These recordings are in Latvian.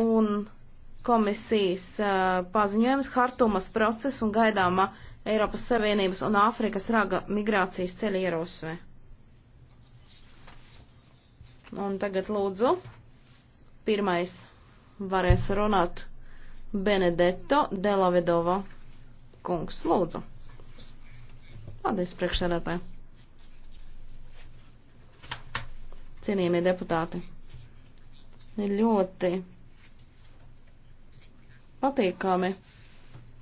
un komisijas uh, paziņojums Hartumas process un gaidāma Eiropas Savienības un Āfrikas raga migrācijas ceļa ierosme. Un tagad lūdzu, pirmais varēs runāt Benedetto Delavedova kungs. Lūdzu. Paldies, priekšsēdētāji. Cienījamie deputāti. Ir ļoti patīkami,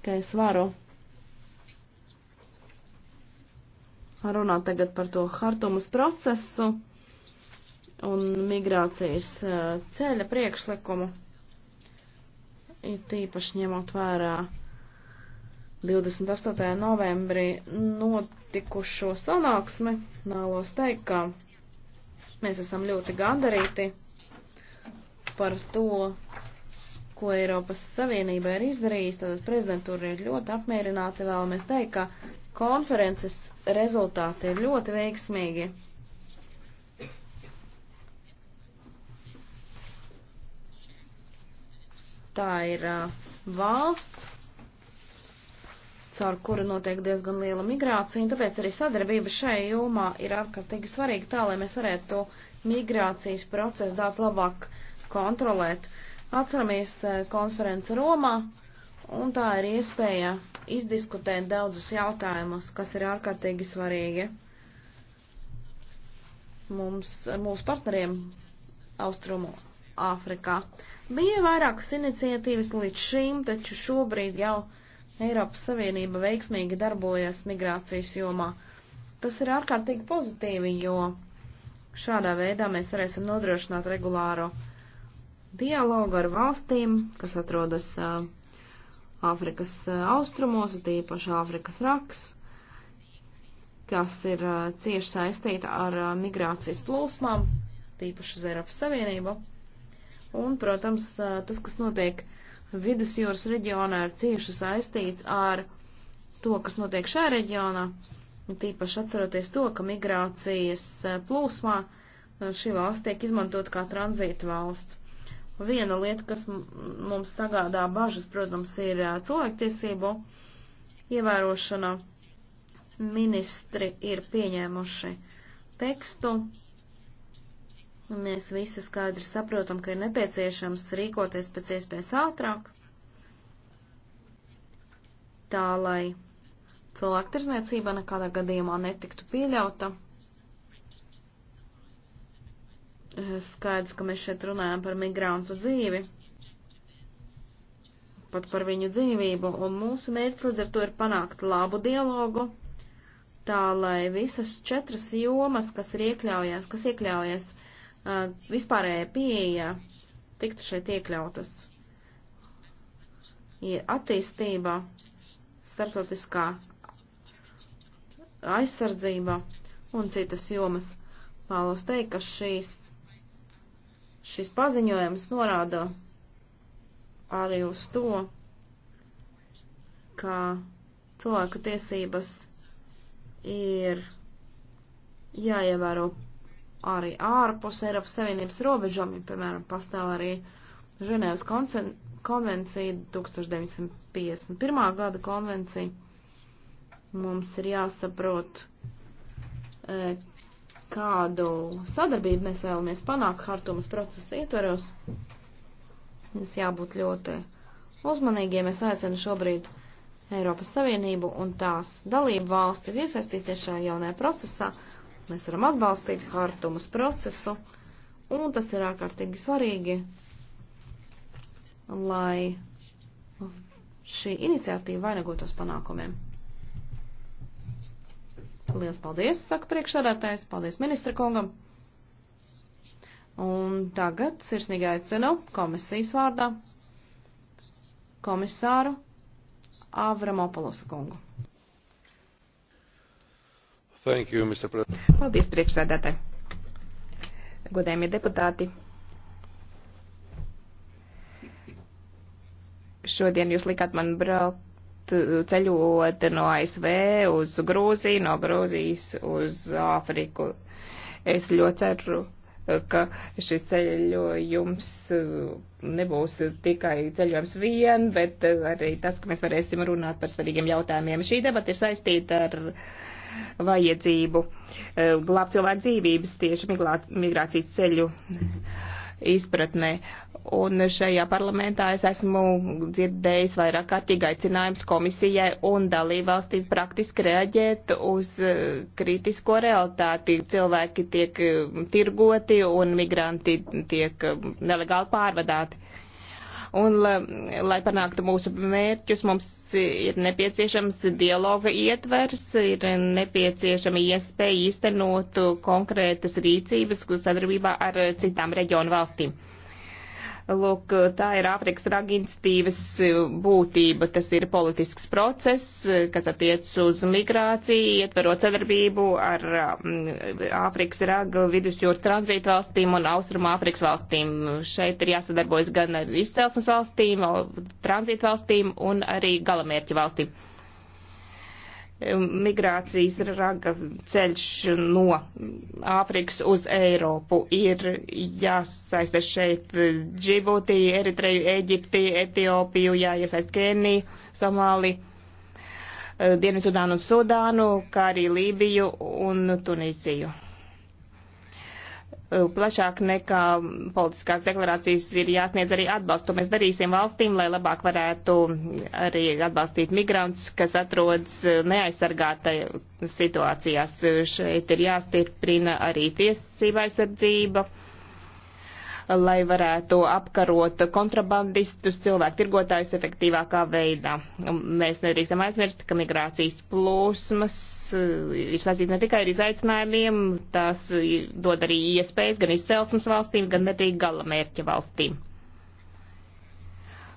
ka es varu runāt tagad par to hartumas procesu un migrācijas eh, ceļa priekšlikumu, ir tīpaši ņemot vērā 28. novembrī notikušo sanāksmi, nālos teikt, ka mēs esam ļoti gandarīti par to, ko Eiropas Savienība ir izdarījusi, tad prezidentūra ir ļoti apmierināta. Vēlamies teikt, ka konferences rezultāti ir ļoti veiksmīgi. Tā ir uh, valsts, caur kuru notiek diezgan liela migrācija, un tāpēc arī sadarbība šajā jomā ir ārkārtīgi svarīga tā, lai mēs varētu to migrācijas procesu daudz labāk kontrolēt. Uh, Atceramies eh, konferenci Romā, un tā ir iespēja izdiskutēt daudzus jautājumus, kas ir ārkārtīgi svarīgi mums, mūsu partneriem Austrumu Āfrikā. Bija vairākas iniciatīvas līdz šim, taču šobrīd jau Eiropas Savienība veiksmīgi darbojas migrācijas jomā. Tas ir ārkārtīgi pozitīvi, jo šādā veidā mēs varēsim nodrošināt regulāru uh, dialogu ar valstīm, kas atrodas Āfrikas austrumos, tīpaši Āfrikas raks, kas ir cieši saistīta ar migrācijas plūsmām, tīpaši uz Eiropas Savienību. Un, protams, tas, kas notiek vidusjūras reģionā, ir cieši saistīts ar to, kas notiek šajā reģionā, tīpaši atceroties to, ka migrācijas plūsmā šī valsts tiek izmantot kā tranzīta valsts. Viena lieta, kas mums sagādā bažas, protams, ir cilvēktiesību ievērošana. Ministri ir pieņēmuši tekstu. Mēs visi skaidri saprotam, ka ir nepieciešams rīkoties pēc iespējas ātrāk, tā lai cilvēktirzniecība nekādā gadījumā netiktu pieļauta skaidrs, ka mēs šeit runājam par migrantu dzīvi, pat par viņu dzīvību, un mūsu mērķis līdz ar to ir panākt labu dialogu, tā lai visas četras jomas, kas ir iekļaujās, kas iekļaujas vispārējā pieeja, tiktu šeit iekļautas. Ir attīstība, starptautiskā aizsardzība un citas jomas. Vēlos teikt, ka šīs Šis paziņojums norāda arī uz to, ka cilvēku tiesības ir jāievēro arī ārpus Eiropas Savienības robežām, ja, piemēram, pastāv arī Ženēvas konvencija 1951. gada konvencija. Mums ir jāsaprot, e, kādu sadarbību mēs vēlamies panākt hartumas procesa ietveros, mums jābūt ļoti uzmanīgiem. Es aicinu šobrīd Eiropas Savienību un tās dalību valstis iesaistīties šajā jaunajā procesā. Mēs varam atbalstīt hartumas procesu, un tas ir ārkārtīgi svarīgi, lai šī iniciatīva vainagotos panākumiem. Liels paldies, saka priekšsādātājs. Paldies ministra kungam. Un tagad sirsnīgi aicinu komisijas vārdā komisāru Avramopolosa kungu. Thank you, Mr. President. Paldies, priekšsēdētāji. Godējumie deputāti. Šodien jūs likāt man braukt Uh, ceļot no ASV uz Grūziju, no Grūzijas uz Āfriku. Es ļoti ceru, uh, ka šis ceļojums uh, nebūs tikai ceļojums vien, bet arī tas, ka mēs varēsim runāt par svarīgiem jautājumiem. Šī debata ir saistīta ar vajadzību glābt cilvēku dzīvības tieši migrācijas ceļu izpratnē. Un šajā parlamentā es esmu dzirdējis vairāk kārtīgi aicinājums komisijai un dalībvalstī praktiski reaģēt uz eh, kritisko realitāti. Cilvēki tiek eh, tirgoti un migranti tiek eh, nelegāli pārvadāti. Un, lai panāktu mūsu mērķus, mums ir nepieciešams dialoga ietvers, ir nepieciešama iespēja īstenot konkrētas rīcības sadarbībā ar citām reģionu valstīm. Lūk, tā ir Āfrikas raga institīvas e, būtība. Tas ir politisks process, e, kas attiec uz migrāciju, ietverot sadarbību ar e, Āfrikas raga vidusjūras tranzītu valstīm un austrumu Āfrikas valstīm. Šeit ir jāsadarbojas gan ar izcelsmes valstīm, tranzītu valstīm un arī galamērķu valstīm. Um, migrācijas raga ceļš no Āfrikas uz Eiropu ir jāsaista šeit Džibūtī, Eritreju, Eģipti, Etiopiju, jāiesaist Keniju, Somāli, uh, Dienvidsudānu un Sudānu, kā arī Lībiju un Tunisiju. Eh, plašāk nekā politiskās deklarācijas ir jāsniedz arī atbalstu. Mēs darīsim valstīm, lai labāk varētu arī atbalstīt migrantus, kas atrodas eh, neaizsargātai situācijās. Eh, šeit ir jāstiprina arī tiesība aizsardzība lai varētu apkarot kontrabandistus, cilvēku tirgotājus efektīvākā veidā. Mēs nedrīkstam aizmirst, ka migrācijas plūsmas eh, ir saistīts ne tikai ar izaicinājumiem, tās dod arī iespējas gan izcelsmes valstīm, gan arī galamērķa valstīm.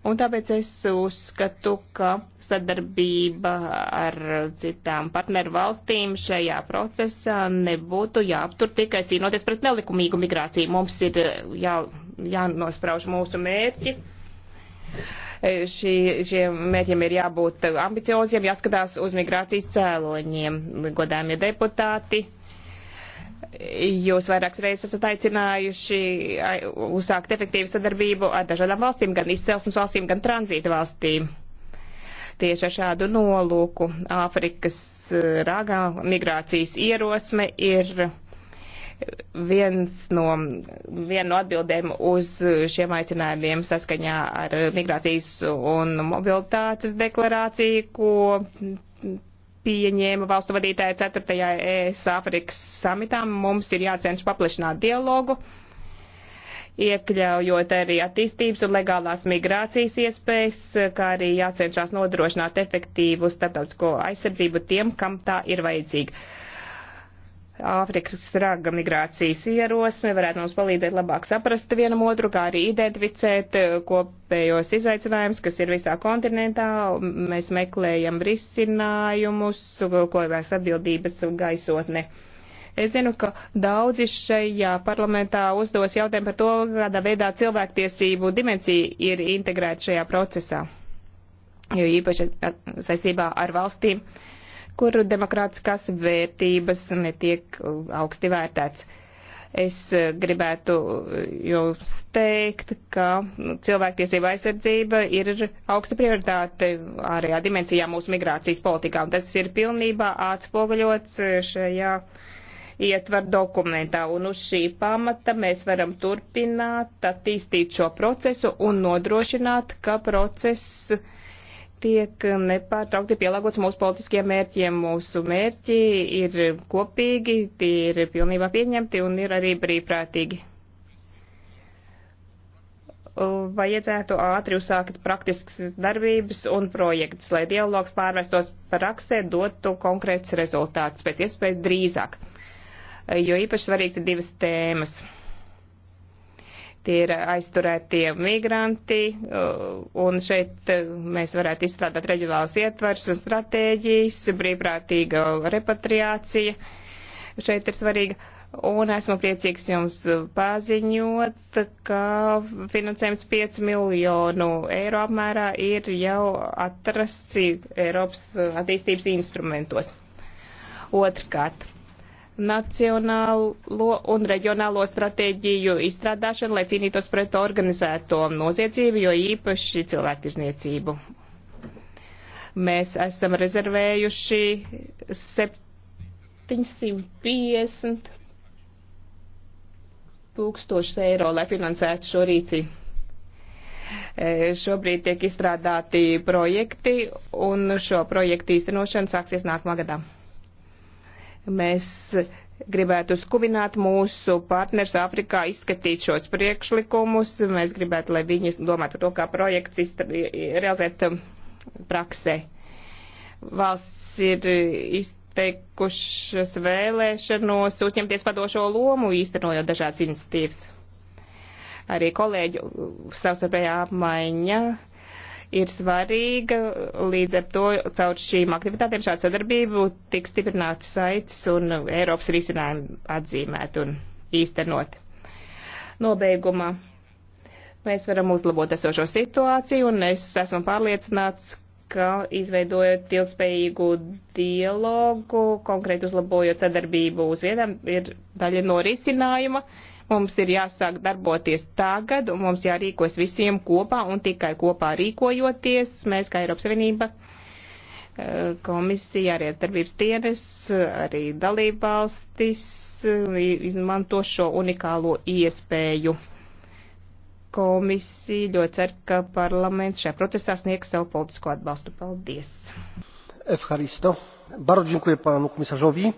Un tāpēc es uzskatu, ka sadarbība ar citām partneru valstīm šajā procesā nebūtu jāaptur tikai cīnoties pret nelikumīgu migrāciju. Mums ir eh, jā, jānosprauž mūsu mērķi e, šī, šiem mērķiem ir jābūt ambicioziem, jāskatās uz migrācijas cēloņiem. Godājumie deputāti, jūs vairākas reizes esat aicinājuši uzsākt efektīvu sadarbību ar dažādām valstīm, gan izcelsmes valstīm, gan tranzīta valstīm. Tieši ar šādu nolūku Āfrikas e, ragā migrācijas ierosme ir viens no, viena no atbildēm uz šiem aicinājumiem saskaņā ar migrācijas un mobilitātes deklarāciju, ko pieņēma valstu vadītāja 4. ES Āfrikas samitā. Mums ir jācenš paplašināt dialogu, iekļaujot arī attīstības un legālās migrācijas iespējas, kā arī jācenšas nodrošināt efektīvu starptautisko aizsardzību tiem, kam tā ir vajadzīga. Āfrikas raga migrācijas ierosme varētu mums palīdzēt labāk saprast vienam otru, kā arī identificēt eh, kopējos izaicinājumus, kas ir visā kontinentā. Mēs meklējam risinājumus, ko vēs atbildības gaisotne. Es zinu, ka daudzi šajā parlamentā uzdos jautājumu par to, kādā veidā cilvēktiesību dimensija ir integrēta šajā procesā, jo īpaši saistībā ar valstīm, uh, kur demokrātiskās vērtības netiek uh, augsti vērtēts. Es uh, gribētu uh, jums teikt, ka nu, cilvēktiesība aizsardzība ir augsta prioritāte ārējā dimensijā mūsu migrācijas politikā, un tas ir pilnībā atspoguļots šajā ietver dokumentā, un uz šī pamata mēs varam turpināt attīstīt šo procesu un nodrošināt, ka process tiek nepārtraukti pielāgots mūsu politiskiem mērķiem. Mūsu mērķi ir kopīgi, tie ir pilnībā pieņemti un ir arī brīvprātīgi. Vajadzētu ātri uzsākt praktiskas darbības un projekts, lai dialogs pārvērstos praksē, dotu konkrēts rezultāts pēc iespējas drīzāk. Jo īpaši svarīgs ir divas tēmas tie ir aizturētie migranti, uh, un šeit uh, mēs varētu izstrādāt reģionālas ietvars un stratēģijas, brīvprātīga repatriācija šeit ir svarīga. Un esmu priecīgs jums paziņot, ka finansējums 5 miljonu eiro apmērā ir jau atrasts Eiropas attīstības instrumentos. Otrkārt, nacionālo un reģionālo stratēģiju izstrādāšanu, lai cīnītos pret organizēto noziedzību, jo īpaši cilvēktirzniecību. Mēs esam rezervējuši 750 tūkstošus eiro, lai finansētu šo rīcību. E, šobrīd tiek izstrādāti projekti, un šo projektu īstenošana sāksies nākamā gadā. Mēs gribētu skubināt mūsu partners Āfrikā izskatīt šos priekšlikumus. Mēs gribētu, lai viņi domātu par to, kā projekts realizēt um, praksē. Valsts ir izteikušas vēlēšanos uzņemties vadošo lomu, īstenojot dažādas iniciatīvas. Arī kolēģu savstarpējā apmaiņa ir svarīga. Līdz ar to caur šīm aktivitātēm šādu sadarbību tiks stiprināts saites un Eiropas risinājumi atzīmēt un īstenot. Nobeigumā mēs varam uzlabot esošo situāciju un es esmu pārliecināts, ka izveidojot ilgspējīgu dialogu, konkrēti uzlabojot sadarbību uz vietām, ir daļa no risinājuma. Uh, Mums ir jāsāk darboties tagad, un mums jārīkos visiem kopā, un tikai kopā rīkojoties, mēs kā Eiropas Savienība, eh, komisija, arī darbības dienas, arī dalībvalstis eh, izmanto šo unikālo iespēju. Komisija ļoti cer, ka parlaments šajā procesā sniegs savu politisko atbalstu. Paldies! Evharisto. Bardzo dziękuję panu komisarzowi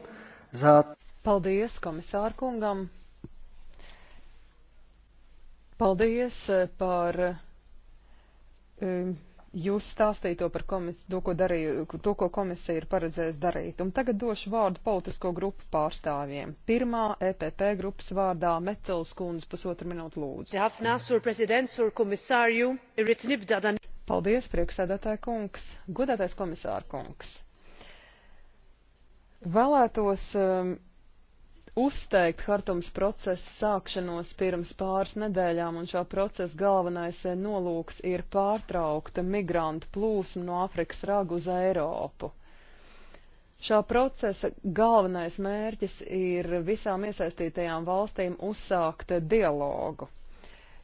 za. Paldies komisārkungam Paldies eh, par eh, jūs stāstīto par komis, to, ko darīju, to, ko komisija ir paredzējusi darīt. Un tagad došu vārdu politisko grupu pārstāvjiem. Pirmā EPP grupas vārdā Mecels kundze pusotru minūtu lūdzu. Paldies, priekšsēdētāja kungs, godātais komisāra kungs. Vēlētos um, uzteikt Hartums procesa sākšanos pirms pāris nedēļām, un šā procesa galvenais eh, nolūks ir pārtraukta migrantu plūsma no Afrikas ragu uz Eiropu. Šā procesa galvenais mērķis ir visām iesaistītajām valstīm uzsākt dialogu.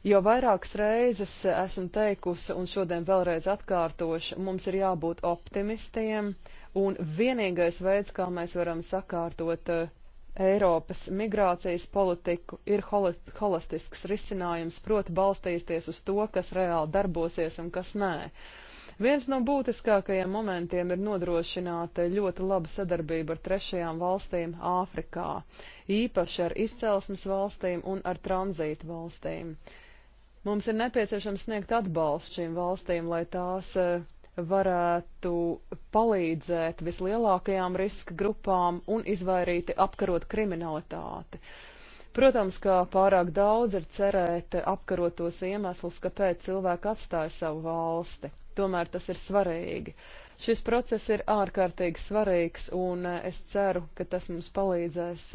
Jo vairākas reizes esmu teikusi, un šodien vēlreiz atkārtošu, mums ir jābūt optimistiem, un vienīgais veids, kā mēs varam sakārtot eh, Eiropas migrācijas politiku ir holistisks risinājums, proti balstīties uz to, kas reāli darbosies un kas nē. Viens no būtiskākajiem momentiem ir nodrošināta ļoti laba sadarbība ar trešajām valstīm Āfrikā, īpaši ar izcelsmes valstīm un ar tranzītu valstīm. Mums ir nepieciešams sniegt atbalstu šīm valstīm, lai tās eh, varētu palīdzēt vislielākajām riska grupām un izvairīti apkarot kriminalitāti. Protams, kā pārāk daudz ir cerēt apkarot tos iemeslus, kāpēc cilvēki atstāja savu valsti. Tomēr tas ir svarīgi. Šis process ir ārkārtīgi svarīgs, un es ceru, ka tas mums palīdzēs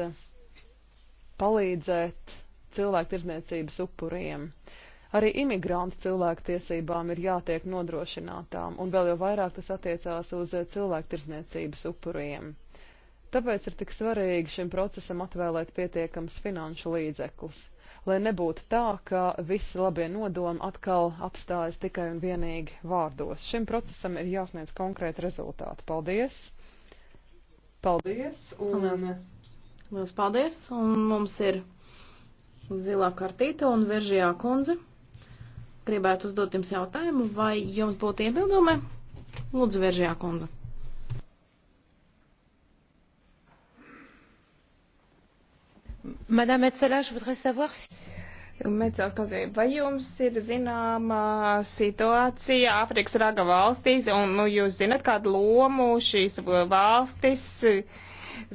palīdzēt cilvēku tirdzniecības upuriem. Uh, Arī imigrantu cilvēktiesībām ir jātiek nodrošinātām, un vēl jau vairāk tas attiecās uz eh, cilvēktirzniecības upuriem. Tāpēc ir tik svarīgi šim procesam atvēlēt pietiekams finanšu līdzeklus, lai nebūtu tā, ka visi labie nodomi atkal apstājas tikai un vienīgi vārdos. Šim procesam ir jāsniedz konkrēti rezultāti. Paldies! Paldies! Un... Paldies. Lielas paldies! Un mums ir zilā kartīte un veržījā kundze gribētu uzdot jums jautājumu, vai jums būtu iebildumi? Lūdzu, Veržijā kundze. Madame Metzela, je voudrais savoir si... Medzels kundze, vai jums ir zināma situācija Āfrikas raga valstīs, un nu, jūs zinat, kādu lomu šīs valstis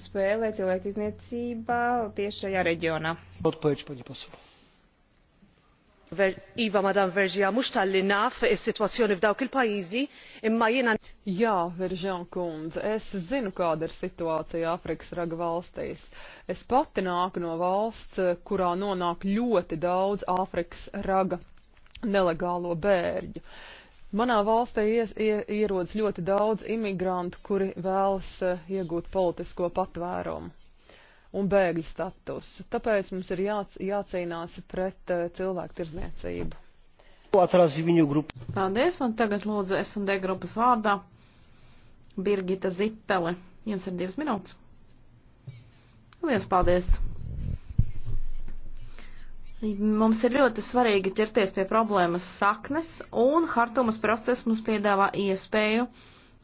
spēlē cilvēku izniecībā tieši šajā reģionā? Atpēc, paņi, pasauli iva madam vergiat mhux talli naf is-sitwazzjoni f'dawk il-pajjiżi imma jiena Jā, Verġan kundze, es zinu kāda ir situācija Afrikas raga valstīs. Es pati nāku no valsts, kurā nonāk ļoti daudz Afrikas raga nelegālo bērģu. Manā valstī ies, ie, ierodas ļoti daudz imigrantu, kuri vēlas eh, iegūt politisko patvērumu un bēgļu statusu. Tāpēc mums ir jā, jācīnās pret uh, cilvēku tirzniecību. Paldies, un tagad lūdzu S&D grupas vārdā Birgita Zippele. Jums ir divas minūtes. Lielas paldies! Mums ir ļoti svarīgi ķerties pie problēmas saknes, un Hartumas process mums piedāvā iespēju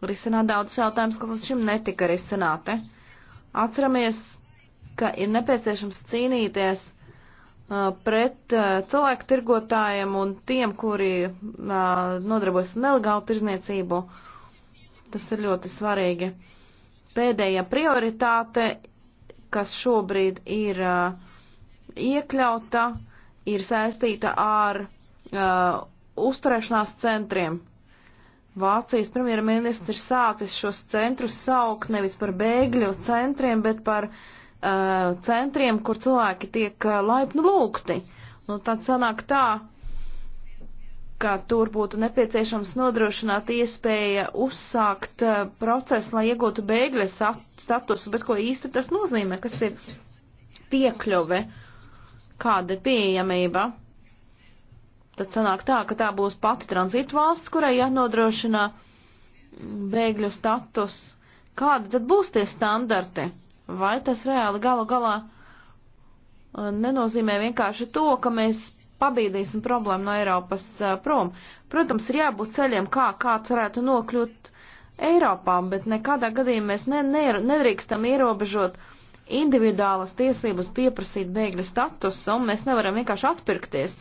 risināt daudz jautājumus, kas līdz šim netika risināti. Atceramies ka ir nepieciešams cīnīties uh, pret uh, cilvēku tirgotājiem un tiem, kuri uh, nodarbojas nelegālu tirzniecību. Tas ir ļoti svarīgi. Pēdējā prioritāte, kas šobrīd ir uh, iekļauta, ir saistīta ar uh, uzturēšanās centriem. Vācijas premjerministrs sācis šos centrus saukt nevis par bēgļu centriem, bet par uh, Uh, centriem, kur cilvēki tiek uh, laipni lūgti. Nu, tad sanāk tā, ka tur būtu nepieciešams nodrošināt iespēja uzsākt uh, procesu, lai iegūtu bēgļa statusu, bet ko īsti tas nozīmē, kas ir piekļuve, kāda ir pieejamība. Tad sanāk tā, ka tā būs pati tranzītu valsts, kurai jānodrošina bēgļu status. Kādi tad būs tie standarti? vai tas reāli gala galā uh, nenozīmē vienkārši to, ka mēs pabīdīsim problēmu no Eiropas uh, prom. Protams, ir jābūt ceļiem, kā kāds varētu nokļūt Eiropā, bet nekādā gadījumā mēs ne, ne, nedrīkstam ierobežot individuālas tiesības pieprasīt bēgļu statusu, un mēs nevaram vienkārši atpirkties.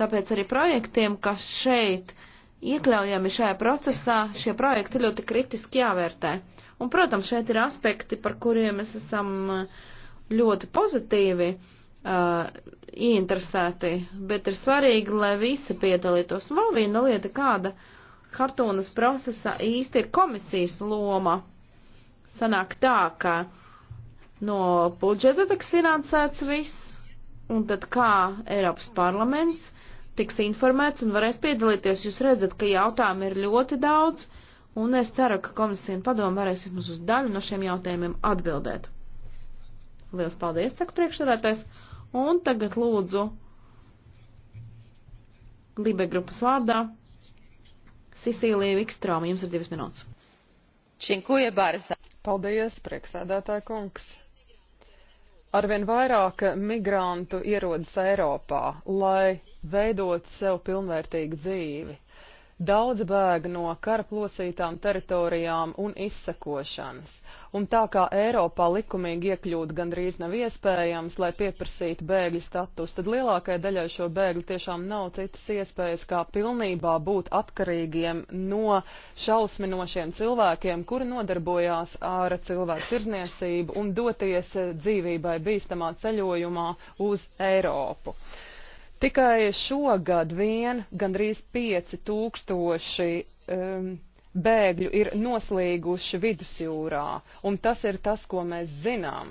Tāpēc arī projektiem, kas šeit iekļaujami šajā procesā, šie projekti ļoti kritiski jāvērtē. Un, protams, šeit ir aspekti, par kuriem mēs esam eh, ļoti pozitīvi uh, ieinteresēti, bet ir svarīgi, lai visi piedalītos. Un vēl viena lieta, kāda Hartūnas procesā īsti ir komisijas loma. Sanāk tā, ka no budžeta tiks finansēts viss, un tad kā Eiropas parlaments tiks informēts un varēs piedalīties. Jūs redzat, ka jautājumi ir ļoti daudz. Uh, un es ceru, ka komisija un padomu varēs vismaz uz daļu no šiem jautājumiem atbildēt. Liels paldies, saka priekšsēdētājs, un tagad lūdzu Libe grupas vārdā Sisīlija Vikstrāma, jums ir divas minūtes. Činkuja Barsa. Paldies, priekšsēdētāja kungs. Arvien vairāk migrantu ierodas Eiropā, lai veidot sev pilnvērtīgu dzīvi Daudz bēg no kara plosītām teritorijām un izsekošanas, un tā kā Eiropā likumīgi iekļūt gandrīz nav iespējams, lai pieprasītu bēgļu status, tad lielākajai daļai šo bēgļu tiešām nav citas iespējas, kā pilnībā būt atkarīgiem no šausminošiem cilvēkiem, kuri nodarbojās ar cilvēku tirzniecību un doties dzīvībai bīstamā ceļojumā uz Eiropu. Tikai šogad vien gandrīz 5000 um, bēgļu ir noslīguši vidusjūrā, un tas ir tas, ko mēs zinām.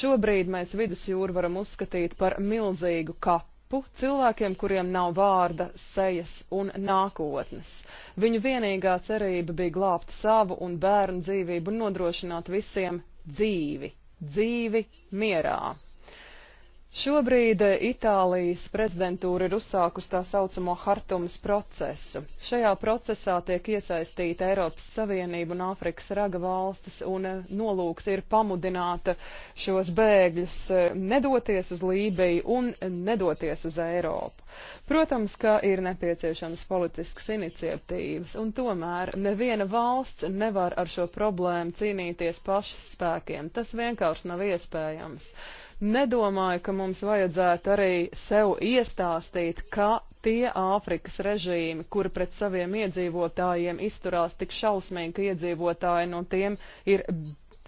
Šobrīd mēs vidusjūru varam uzskatīt par milzīgu kapu cilvēkiem, kuriem nav vārda, sejas un nākotnes. Viņu vienīgā cerība bija glābt savu un bērnu dzīvību un nodrošināt visiem dzīvi, dzīvi mierā. Šobrīd eh, Itālijas prezidentūra ir uzsākusi tā saucamo Hartumas procesu. Šajā procesā tiek iesaistīta Eiropas Savienība un Āfrikas raga valstis, un eh, nolūks ir pamudināt šos bēgļus eh, nedoties uz Lībiju un nedoties uz Eiropu. Protams, ka ir nepieciešams politiskas iniciatīvas, un tomēr neviena valsts nevar ar šo problēmu cīnīties pašas spēkiem. Tas vienkārši nav iespējams. Nedomāju, ka mums vajadzētu arī sev iestāstīt, ka tie Āfrikas režīmi, kuri pret saviem iedzīvotājiem izturās tik šausmīgi, ka iedzīvotāji no tiem ir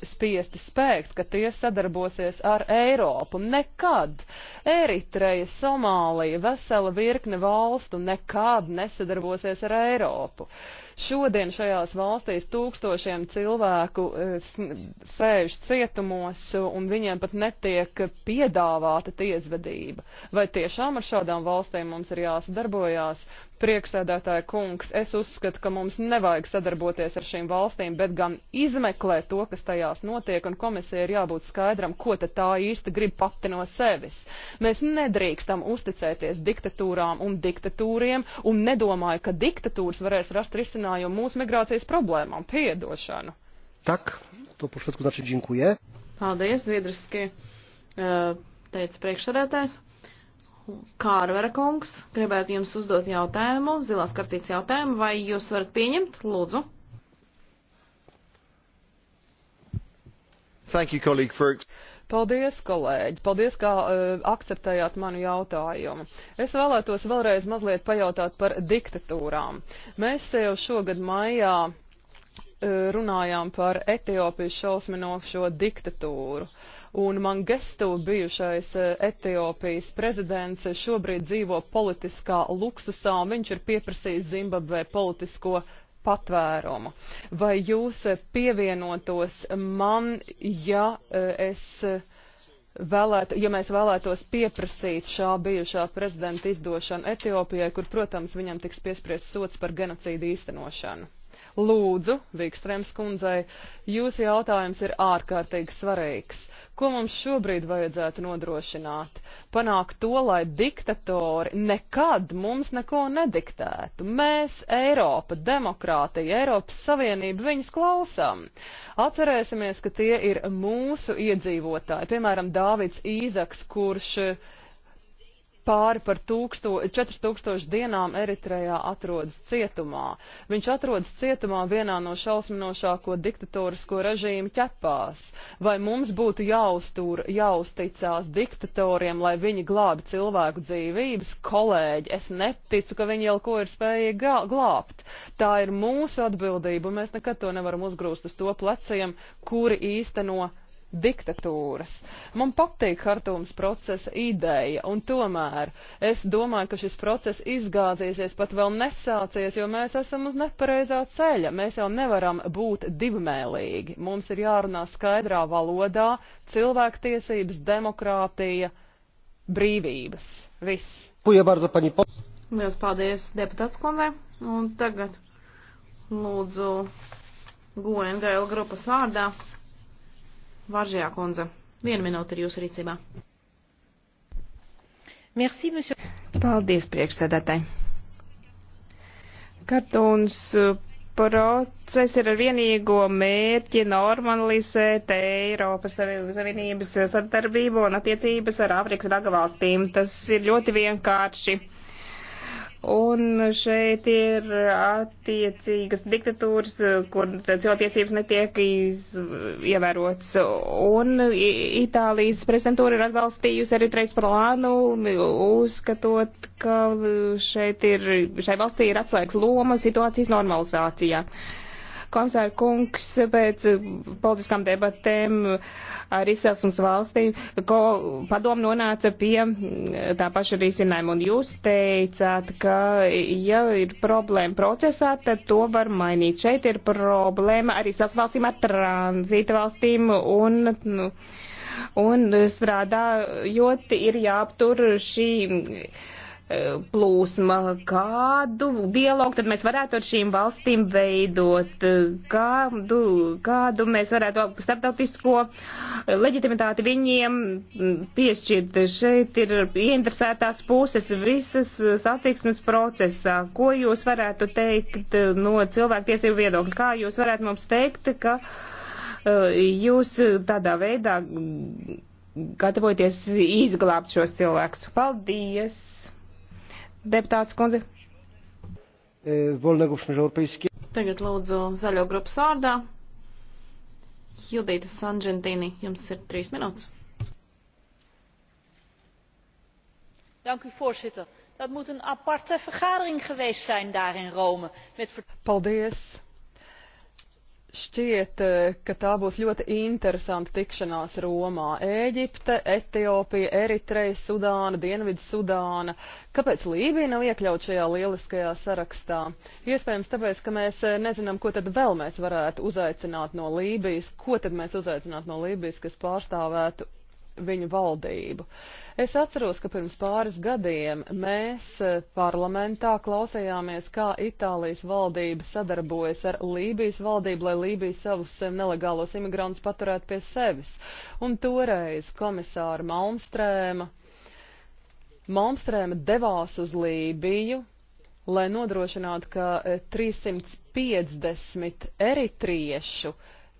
spiesti spēkt, ka tie sadarbosies ar Eiropu. Nekad! Eritreja, Somālija, vesela virkne valstu nekad nesadarbosies ar Eiropu. Uh, Šodien šajās valstīs tūkstošiem cilvēku e, sēž cietumos un viņiem pat netiek piedāvāta tiesvedība. Vai tiešām ar šādām valstīm mums ir jāsadarbojās? Prieksēdētāja kungs, es uzskatu, ka mums nevajag sadarboties ar šīm valstīm, bet gan izmeklēt to, kas tajās notiek, un komisija ir jābūt skaidram, ko tad tā īsti grib pati no sevis. Mēs nedrīkstam uzticēties diktatūrām un diktatūriem, un nedomāju, ka diktatūras varēs rast risinājumu risinājumu mūsu migrācijas problēmām - piedošanu. Tak, to po švedsku znači džinkuję. Paldies, zviedriski eh, teica priekšsarētājs. Kārvera kungs, gribētu jums uzdot jautājumu, zilās kartītes jautājumu, vai jūs varat pieņemt? Lūdzu. Thank you, colleague, for... Paldies, kolēģi! Paldies, kā uh, akceptējāt manu jautājumu. Es vēlētos vēlreiz mazliet pajautāt par diktatūrām. Mēs jau šogad maijā uh, runājām par Etiopijas šausminošo diktatūru. Un man gestu bijušais uh, Etiopijas prezidents šobrīd dzīvo politiskā luksusā, un viņš ir pieprasījis Zimbabvē politisko patvērumu. Vai jūs pievienotos man, ja e, es e, vēlētu, ja mēs vēlētos pieprasīt šā bijušā prezidenta izdošanu Etiopijai, kur, protams, viņam tiks piespriezt sots par genocīdu īstenošanu? Lūdzu, Vīkstrēms kundzei, jūsu jautājums ir ārkārtīgi svarīgs. Ko mums šobrīd vajadzētu nodrošināt? Panākt to, lai diktatori nekad mums neko nediktētu. Mēs, Eiropa, demokrātija, Eiropas Savienība, viņus klausām. Atcerēsimies, ka tie ir mūsu iedzīvotāji. Piemēram, Dāvids Īzaks, kurš uh, pāri par 4000 dienām Eritrejā atrodas cietumā. Viņš atrodas cietumā vienā no šausminošāko diktatorisko režīmu ķepās. Vai mums būtu jāuztur, jāuzticās diktatoriem, lai viņi glābi cilvēku dzīvības? Kolēģi, es neticu, ka viņi jau ko ir spējīgi glābt. Tā ir mūsu atbildība, un mēs nekad to nevaram uzgrūst uz to pleciem, kuri īsteno diktatūras. Man patīk Hartūmas procesa ideja, un tomēr es domāju, ka šis process izgāzīsies pat vēl nesācies, jo mēs esam uz nepareizā ceļa. Mēs jau nevaram būt divmēlīgi. Mums ir jārunā skaidrā valodā cilvēktiesības, demokrātija, brīvības. Viss. Lielas paldies deputāts kundzei. Un tagad lūdzu GNGL grupas vārdā Varžajā kundze, viena minūte ir jūsu rīcībā. Merci, monsieur. Paldies, priekšsēdētāji. Kartūns uh, process ir ar vienīgo mērķi normalizēt Eiropas Savienības sadarbību un attiecības ar Āfrikas raga valstīm. Tas ir ļoti vienkārši Un šeit ir attiecīgas diktatūras, kur cilvēktiesības netiek iz, ievērots. Un Itālijas prezidentūra ir atbalstījusi arī treis plānu, uzskatot, ka šeit ir, šai valstī ir atslēgas loma situācijas normalizācijā. Uh, Komisāra kungs pēc eh, politiskām debatēm ar izcelsmes valstīm, ko padomu nonāca pie mm, tā paša risinājuma. Un jūs teicāt, ka ja ir problēma procesā, tad to var mainīt. Šeit ir problēma arī savas valstīm, ar tranzīta valstīm un. Nu, un strādājot, ir jāaptur šī mm, E, plūsma, kādu dialogu tad mēs varētu ar šīm valstīm veidot, kādu, e, kādu mēs varētu starptautisko leģitimitāti viņiem piešķirt. Šeit ir ieinteresētās puses visas satiksmes procesā. Ko jūs varētu teikt e, no cilvēktiesību viedokļa? Kā jūs varētu mums teikt, ka jūs tādā veidā gatavoties izglābt šos cilvēkus? Paldies! deputāts kundze. E, Tagad lūdzu zaļo grupas vārdā. Judita Sangentīni, jums ir trīs minūtes. Dank u voorzitter. Dat moet een aparte vergadering geweest zijn daar in Rome. Met... Paldies. Šķiet, e, ka tā būs ļoti interesanta tikšanās Romā. Ēģipte, Etiopija, Eritreja, Sudāna, Dienvidu Sudāna. Kāpēc Lībija nav iekļaut šajā lieliskajā sarakstā? Iespējams, tāpēc, ka mēs e, nezinām, ko tad vēl mēs varētu uzaicināt no Lībijas, ko tad mēs uzaicinātu no Lībijas, kas pārstāvētu viņu valdību. Es atceros, ka pirms pāris gadiem mēs eh, parlamentā klausījāmies, kā Itālijas valdība sadarbojas ar Lībijas valdību, lai Lībija savus eh, nelegālos imigrantus paturētu pie sevis. Un toreiz komisāra Malmstrēma, Malmstrēma devās uz Lībiju, lai nodrošinātu, ka 350 eh, eritriešu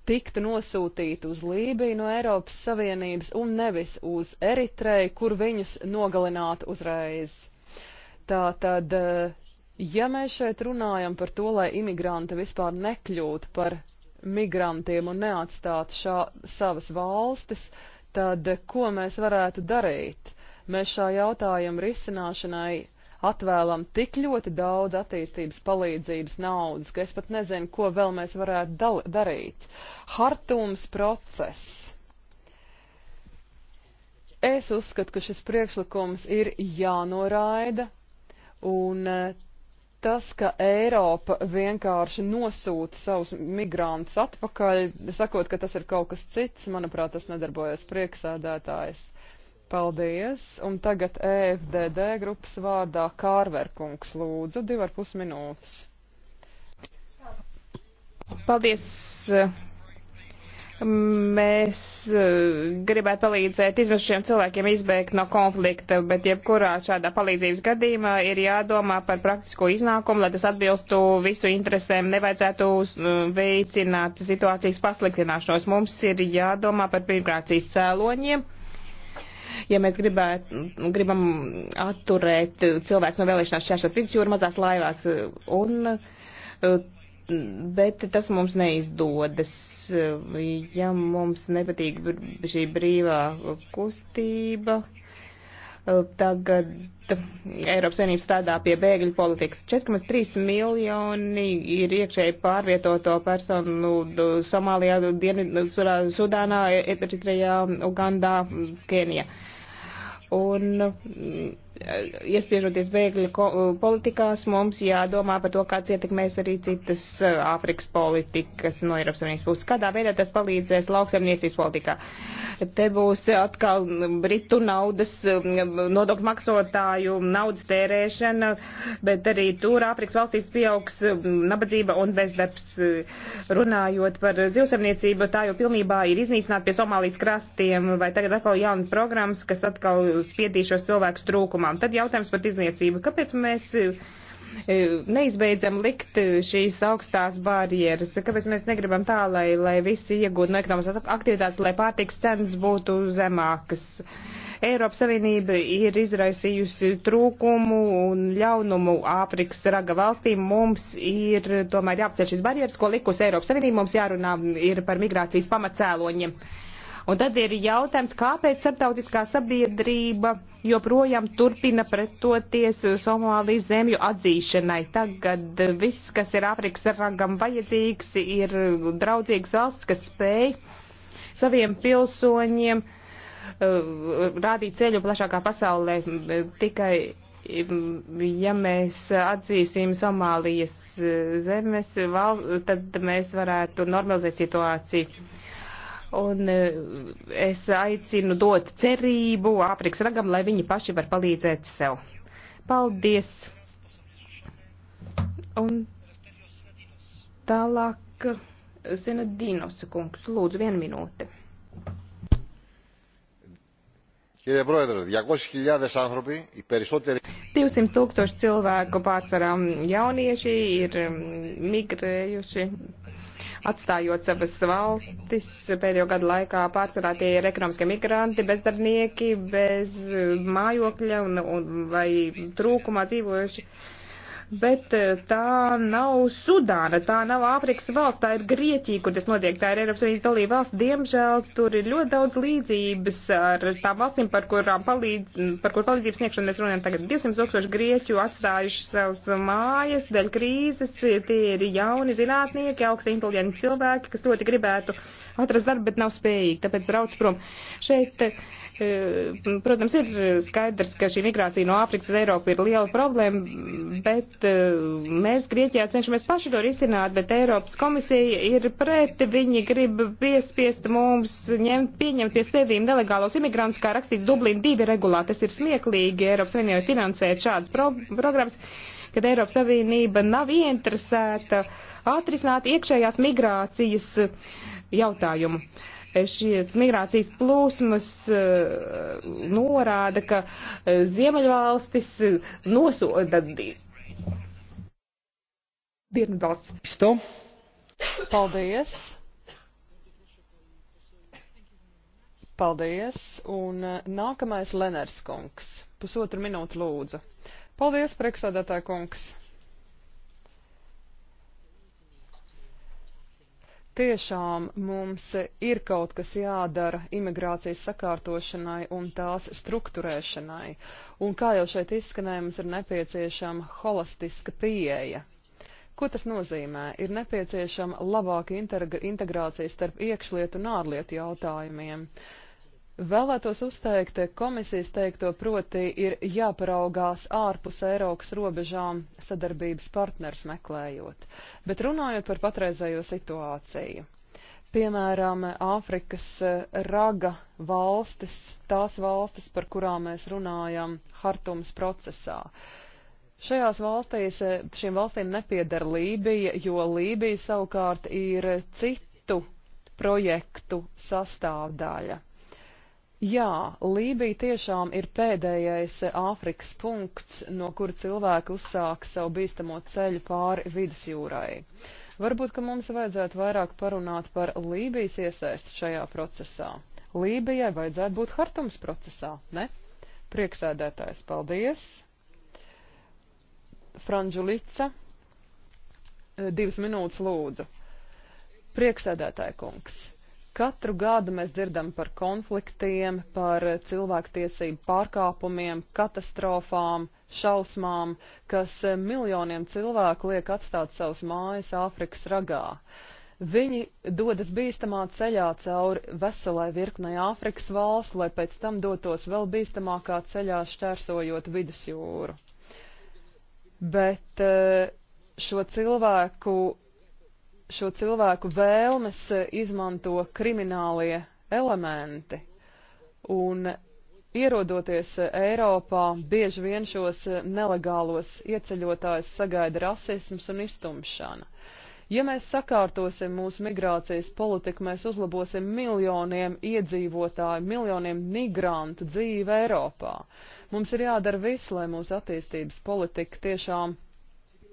tiktu nosūtīti uz Lībiju no Eiropas Savienības un nevis uz Eritreju, kur viņus nogalinātu uzreiz. Tātad, eh, ja mēs šeit runājam par to, lai imigranti vispār nekļūtu par migrantiem un neatstātu šā, savas valstis, tad eh, ko mēs varētu darīt? Mēs šā jautājuma risināšanai atvēlam tik ļoti daudz attīstības palīdzības naudas, ka es pat nezinu, ko vēl mēs varētu darīt. Hartums process. Es uzskatu, ka šis priekšlikums ir jānoraida, un eh, tas, ka Eiropa vienkārši nosūta savus migrantus atpakaļ, sakot, ka tas ir kaut kas cits, manuprāt, tas nedarbojas prieksēdētājs. Paldies, un tagad EFDD grupas vārdā Kārverkungs lūdzu divi ar pus minūtes. Paldies. Mēs eh, gribētu palīdzēt izmirušiem cilvēkiem izbēgt no konflikta, bet jebkurā šādā palīdzības gadījumā ir jādomā par praktisko iznākumu, lai tas atbilstu visu interesēm. Nevajadzētu eh, veicināt situācijas pasliktināšanos. Mums ir jādomā par migrācijas cēloņiem Ja mēs gribēt, gribam atturēt cilvēks no vēlēšanās šķēršot vidusjūru mazās laivās, un, bet tas mums neizdodas. Ja mums nepatīk šī brīvā kustība, Uh, tagad Eiropas Savienība strādā pie bēgļu politikas. 4,3 miljoni ir iekšēji pārvietoto personu Somālijā, Dienvidu Sudānā, Eritrejā, Ugandā, Kenijā. Un Eh, iespiežoties bēgļu eh, politikās, mums jādomā par to, kāds ietekmēs arī citas eh, Āfrikas politikas no Eiropas Savienības puses. Kādā veidā tas palīdzēs lauksaimniecības politikā? Te būs atkal Britu naudas, nodokļu maksotāju naudas tērēšana, bet arī tur Āfrikas valstīs pieaugs nabadzība un bezdarbs. Runājot par zivsaimniecību, tā jau pilnībā ir iznīcināta pie Somālijas krastiem, vai tagad atkal jauna programmas, kas atkal spiedīšos cilvēkus trūkumā jomām. Tad jautājums par izniecību. Kāpēc mēs e, e, neizbeidzam likt e, šīs augstās barjeras? Kāpēc mēs negribam tā, lai, lai visi iegūtu no ekonomiskās aktivitātes, lai pārtiks cenas būtu zemākas? Eiropas Savienība ir izraisījusi trūkumu un ļaunumu Āfrikas raga valstīm. Mums ir tomēr jāapcer šis barjeras, ko likusi Eiropas Savienība. Mums jārunā ir par migrācijas pamatcēloņiem. Un tad ir jautājums, kāpēc starptautiskā sabiedrība joprojām turpina pretoties Somālijas zemju atzīšanai. Tagad viss, kas ir Āfrikas ragam vajadzīgs, ir draudzīgs valsts, kas spēj saviem pilsoņiem uh, rādīt ceļu plašākā pasaulē tikai um, ja mēs atzīsim Somālijas uh, zemes, val, tad mēs varētu normalizēt situāciju. Un eh, es aicinu dot cerību Āfrikas ragam, lai viņi paši var palīdzēt sev. Paldies! Un tālāk zina Dīnos kungs. Lūdzu, vienu minūti. Κύριε Πρόεδρε, 200.000 άνθρωποι, οι περισσότεροι... 200 tūkstoši cilvēku pārsvarā jaunieši ir mm, migrējuši atstājot savas valstis. Pēdējo gadu laikā pārsvarā tie ir ekonomiskie migranti, bezdarbnieki, bez mājokļa un, un vai trūkumā dzīvojuši bet eh, tā nav Sudāna, tā nav Āfrikas valsts, tā ir Grieķija, kur tas notiek, tā ir Eiropas Savienības dalība valsts. Diemžēl tur ir ļoti daudz līdzības ar tām valstīm, par kurām palīdz, par kur palīdzības sniegšanu mēs runājam tagad. 200 tūkstoši Grieķu atstājuši savas mājas dēļ krīzes, tie ir jauni zinātnieki, augsti inteliģenti cilvēki, kas ļoti gribētu atrast darbu, bet nav spējīgi, tāpēc brauc prom. Šeit eh, Eh, protams, ir skaidrs, ka šī migrācija no Āfrikas uz Eiropu ir liela problēma, bet eh, mēs Grieķijā cenšamies paši to risināt, bet Eiropas komisija ir pret, viņi grib piespiest mums ņemt, pieņemt pie sevīm nelegālos imigrantus, kā rakstīts Dublin 2 regulā. Tas ir smieklīgi Eiropas Savienībai finansēt šādas pro programmas kad Eiropas Savienība nav ieinteresēta atrisināt iekšējās migrācijas jautājumu. Uh, šīs migrācijas plūsmas eh, norāda, ka eh, Ziemeļvalstis eh, nosoda Dienvidvalsts. Paldies! Paldies! Un nākamais Leners kungs. Pusotru minūtu lūdzu. Paldies, priekšsādātāja kungs! tiešām mums ir kaut kas jādara imigrācijas sakārtošanai un tās strukturēšanai. Un kā jau šeit izskanēja, mums ir nepieciešama holistiska pieeja. Ko tas nozīmē? Ir nepieciešama labāka integrācija starp iekšlietu un ārlietu jautājumiem. Uh, Vēlētos uzteikt komisijas teikto, proti ir jāparaugās ārpus Eiropas robežām sadarbības partners meklējot, bet runājot par patreizējo situāciju. Piemēram, Āfrikas eh, raga valstis, tās valstis, par kurām mēs runājam Hartums procesā. Šajās valstīs, eh, šīm valstīm nepiedara Lībija, jo Lībija savukārt ir citu projektu sastāvdaļa. Jā, Lībija tiešām ir pēdējais Āfrikas punkts, no kura cilvēki uzsāka savu bīstamo ceļu pāri vidusjūrai. Varbūt, ka mums vajadzētu vairāk parunāt par Lībijas iesaisti šajā procesā. Lībijai vajadzētu būt Hartums procesā, ne? Prieksēdētājs, paldies! Franžulica, divas minūtes lūdzu. Prieksēdētāja kungs. Katru gadu mēs dzirdam par konfliktiem, par cilvēktiesību pārkāpumiem, katastrofām, šausmām, kas miljoniem cilvēku liek atstāt savus mājas Āfrikas ragā. Viņi dodas bīstamā ceļā cauri veselai virknei Āfrikas valstu, lai pēc tam dotos vēl bīstamākā ceļā šķērsojot vidusjūru. Bet eh, šo cilvēku šo cilvēku vēlmes izmanto kriminālie elementi. Un ierodoties Eiropā, bieži vien šos nelegālos ieceļotājus sagaida rasisms un iztumšana. Ja mēs sakārtosim mūsu migrācijas politiku, mēs uzlabosim miljoniem iedzīvotāju, miljoniem migrantu dzīvi Eiropā. Mums ir jādara viss, lai mūsu attīstības politika tiešām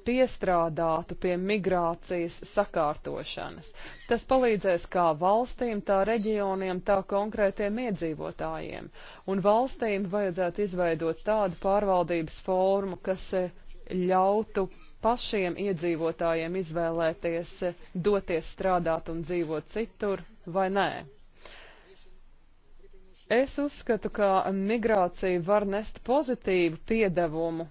piestrādātu pie migrācijas sakārtošanas. Tas palīdzēs kā valstīm, tā reģioniem, tā konkrētiem iedzīvotājiem. Un valstīm vajadzētu izveidot tādu pārvaldības formu, kas eh, ļautu pašiem iedzīvotājiem izvēlēties eh, doties strādāt un dzīvot citur vai nē. Es uzskatu, ka migrācija var nest pozitīvu piedevumu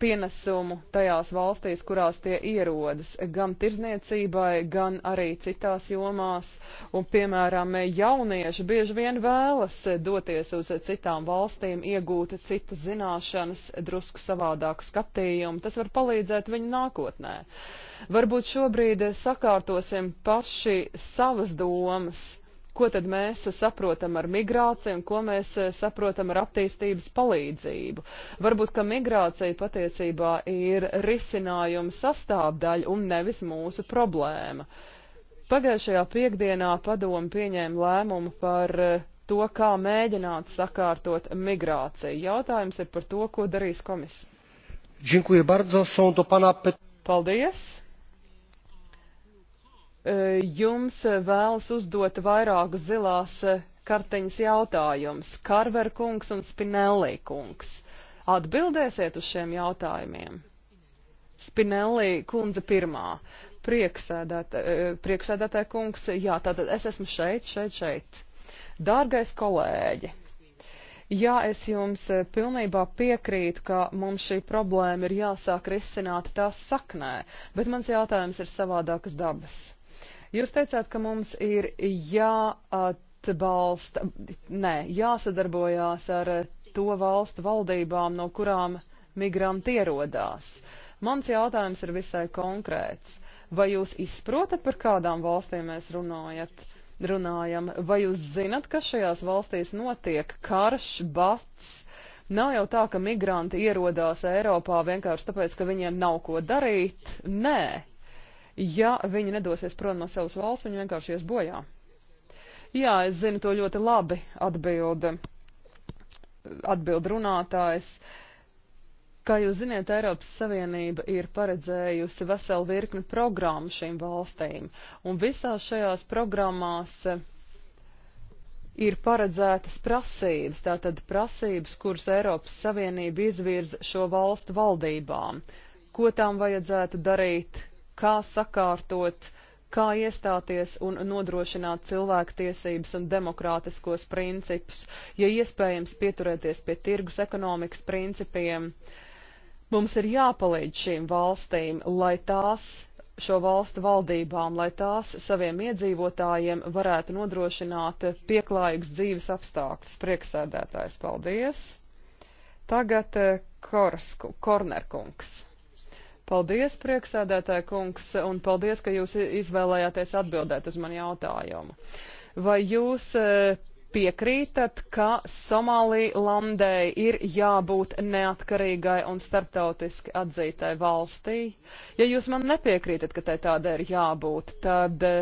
pienesumu tajās valstīs, kurās tie ierodas, gan tirzniecībai, gan arī citās jomās. Un, piemēram, jaunieši bieži vien vēlas doties uz citām valstīm, iegūt citas zināšanas, drusku savādāku skatījumu. Tas var palīdzēt viņu nākotnē. Varbūt šobrīd sakārtosim paši savas domas ko tad mēs saprotam ar migrāciju un ko mēs eh, saprotam ar attīstības palīdzību. Varbūt, ka migrācija patiesībā ir risinājuma sastāvdaļa un nevis mūsu problēma. Pagājušajā piekdienā padomu pieņēma lēmumu par eh, to, kā mēģināt sakārtot migrāciju. Jautājums ir par to, ko darīs komisija. Paldies! E, jums vēlas uzdot vairākus zilās e, karteņas jautājumus. Karver kungs un Spinelli kungs. Atbildēsiet uz šiem jautājumiem. Spinelli kundze pirmā. E, prieksēdētāja kungs, jā, tātad es esmu šeit, šeit, šeit. Dārgais kolēģi, jā, es jums pilnībā piekrītu, ka mums šī problēma ir jāsāk risināt tās saknē, bet mans jautājums ir savādākas dabas. Jūs teicāt, ka mums ir jāatbalsta, nē, jāsadarbojās ar to valstu valdībām, no kurām migranti ierodās. Mans jautājums ir visai konkrēts. Vai jūs izprotat, par kādām valstīm mēs runājat? runājam. Vai jūs zinat, kas šajās valstīs notiek? Karš, bats. Nav jau tā, ka migranti ierodās Eiropā vienkārši tāpēc, ka viņiem nav ko darīt. Nē, ja viņi nedosies prom no savas valsts, viņi vienkārši ies bojā. Jā, es zinu to ļoti labi, atbild, atbild runātājs. Kā jūs ziniet, Eiropas Savienība ir paredzējusi veselu virkni programmu šīm valstīm, un visās šajās programmās ir paredzētas prasības, tātad prasības, kuras Eiropas Savienība izvirza šo valstu valdībām, ko tām vajadzētu darīt, kā sakārtot, kā iestāties un nodrošināt cilvēktiesības un demokrātiskos principus, ja iespējams pieturēties pie tirgus ekonomikas principiem. Mums ir jāpalīdz šīm valstīm, lai tās šo valstu valdībām, lai tās saviem iedzīvotājiem varētu nodrošināt pieklājīgus dzīves apstākļus. Prieksēdētājs, paldies! Tagad eh, Korsku, Kornerkungs. Paldies, prieksēdētāja kungs, un paldies, ka jūs izvēlējāties atbildēt uz manu jautājumu. Vai jūs e, piekrītat, ka Somālijai ir jābūt neatkarīgai un starptautiski atzītai valstī? Ja jūs man nepiekrītat, ka tai tādai ir jābūt, tad e,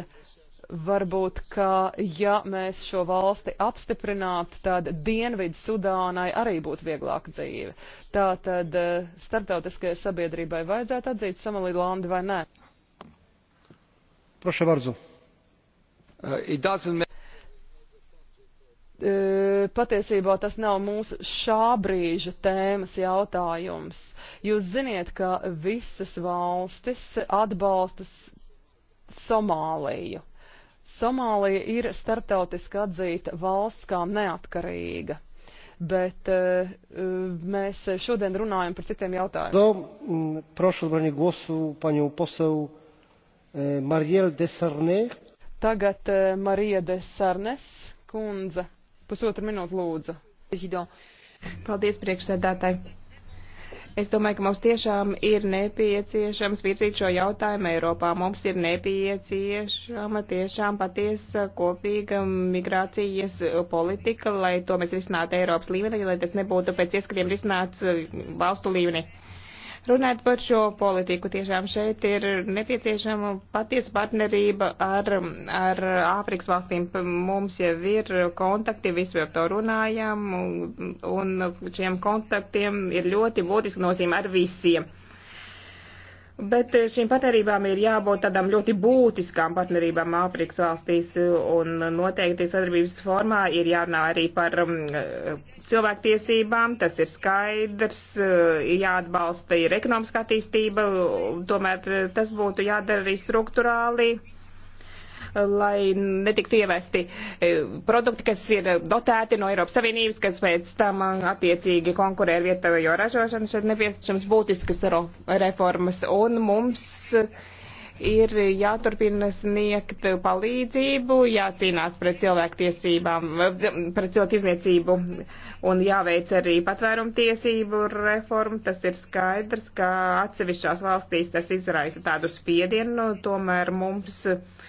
Varbūt, ka ja mēs šo valsti apstiprinātu, tad Dienvidu Sudānai arī būtu vieglāk dzīve. Tā tad eh, starptautiskajai sabiedrībai vajadzētu atzīt Somalilandi vai nē? Prošu vārdzu. Uh, patiesībā tas nav mūsu šā brīža tēmas jautājums. Jūs ziniet, ka visas valstis atbalsta Somāliju. Somālija ir starptautiski atzīta valsts kā neatkarīga, bet uh, mēs šodien runājam par citiem jautājumiem. Mm, e, Tagad uh, eh, Marija de Sarnes kundze, pusotru minūtu lūdzu. Paldies, priekšsēdētāji Es domāju, ka mums tiešām ir nepieciešams virzīt šo jautājumu Eiropā. Mums ir nepieciešama tiešām patiesa kopīga migrācijas politika, lai to mēs risinātu Eiropas līmenī, lai tas nebūtu pēc ieskatiem risināts valstu līmenī. Runājot par šo politiku, tiešām šeit ir nepieciešama patiesa partnerība ar, ar Āfrikas valstīm. Mums jau ir kontakti, visi jau to runājam, un šiem kontaktiem ir ļoti būtiska nozīme ar visiem. Bet eh, šīm partnerībām ir jābūt tādām ļoti būtiskām partnerībām Āfrikas valstīs, un noteikti sadarbības formā ir jārunā arī par um, cilvēktiesībām, tas ir skaidrs, eh, jāatbalsta ir ekonomiskā attīstība, tomēr tas būtu jādara arī struktūrāli lai netiktu ievesti e, produkti, kas ir dotēti no Eiropas Savienības, kas pēc tam e, attiecīgi konkurē ar vietējo ražošanu. Šeit nepieciešams būtiskas reformas, un mums ir jāturpina sniegt palīdzību, jācīnās pret cilvēktiesībām, pret cilvēktiesniecību un jāveic arī patvērumtiesību reformu. Tas ir skaidrs, ka atsevišķās valstīs tas izraisa tādu spiedienu, tomēr mums. Uh,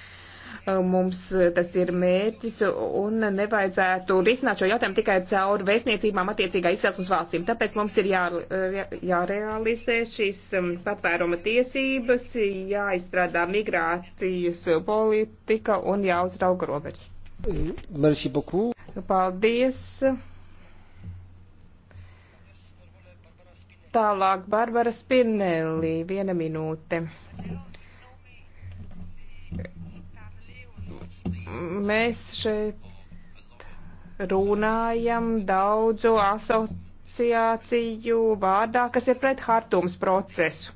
Mums eh, tas ir mērķis un nevajadzētu risināt šo jautājumu tikai caur vēstniecībām attiecīgā izcelsmes valstīm. Tāpēc mums ir jā, jārealizē šīs um, patvēruma tiesības, jāizstrādā migrācijas politika un jāuzrauga robežas. Merci beaucoup. Paldies. Tālāk Barbara Spinelli, viena minūte. Mēs šeit runājam daudzu asociāciju vārdā, kas ir pret hartums procesu.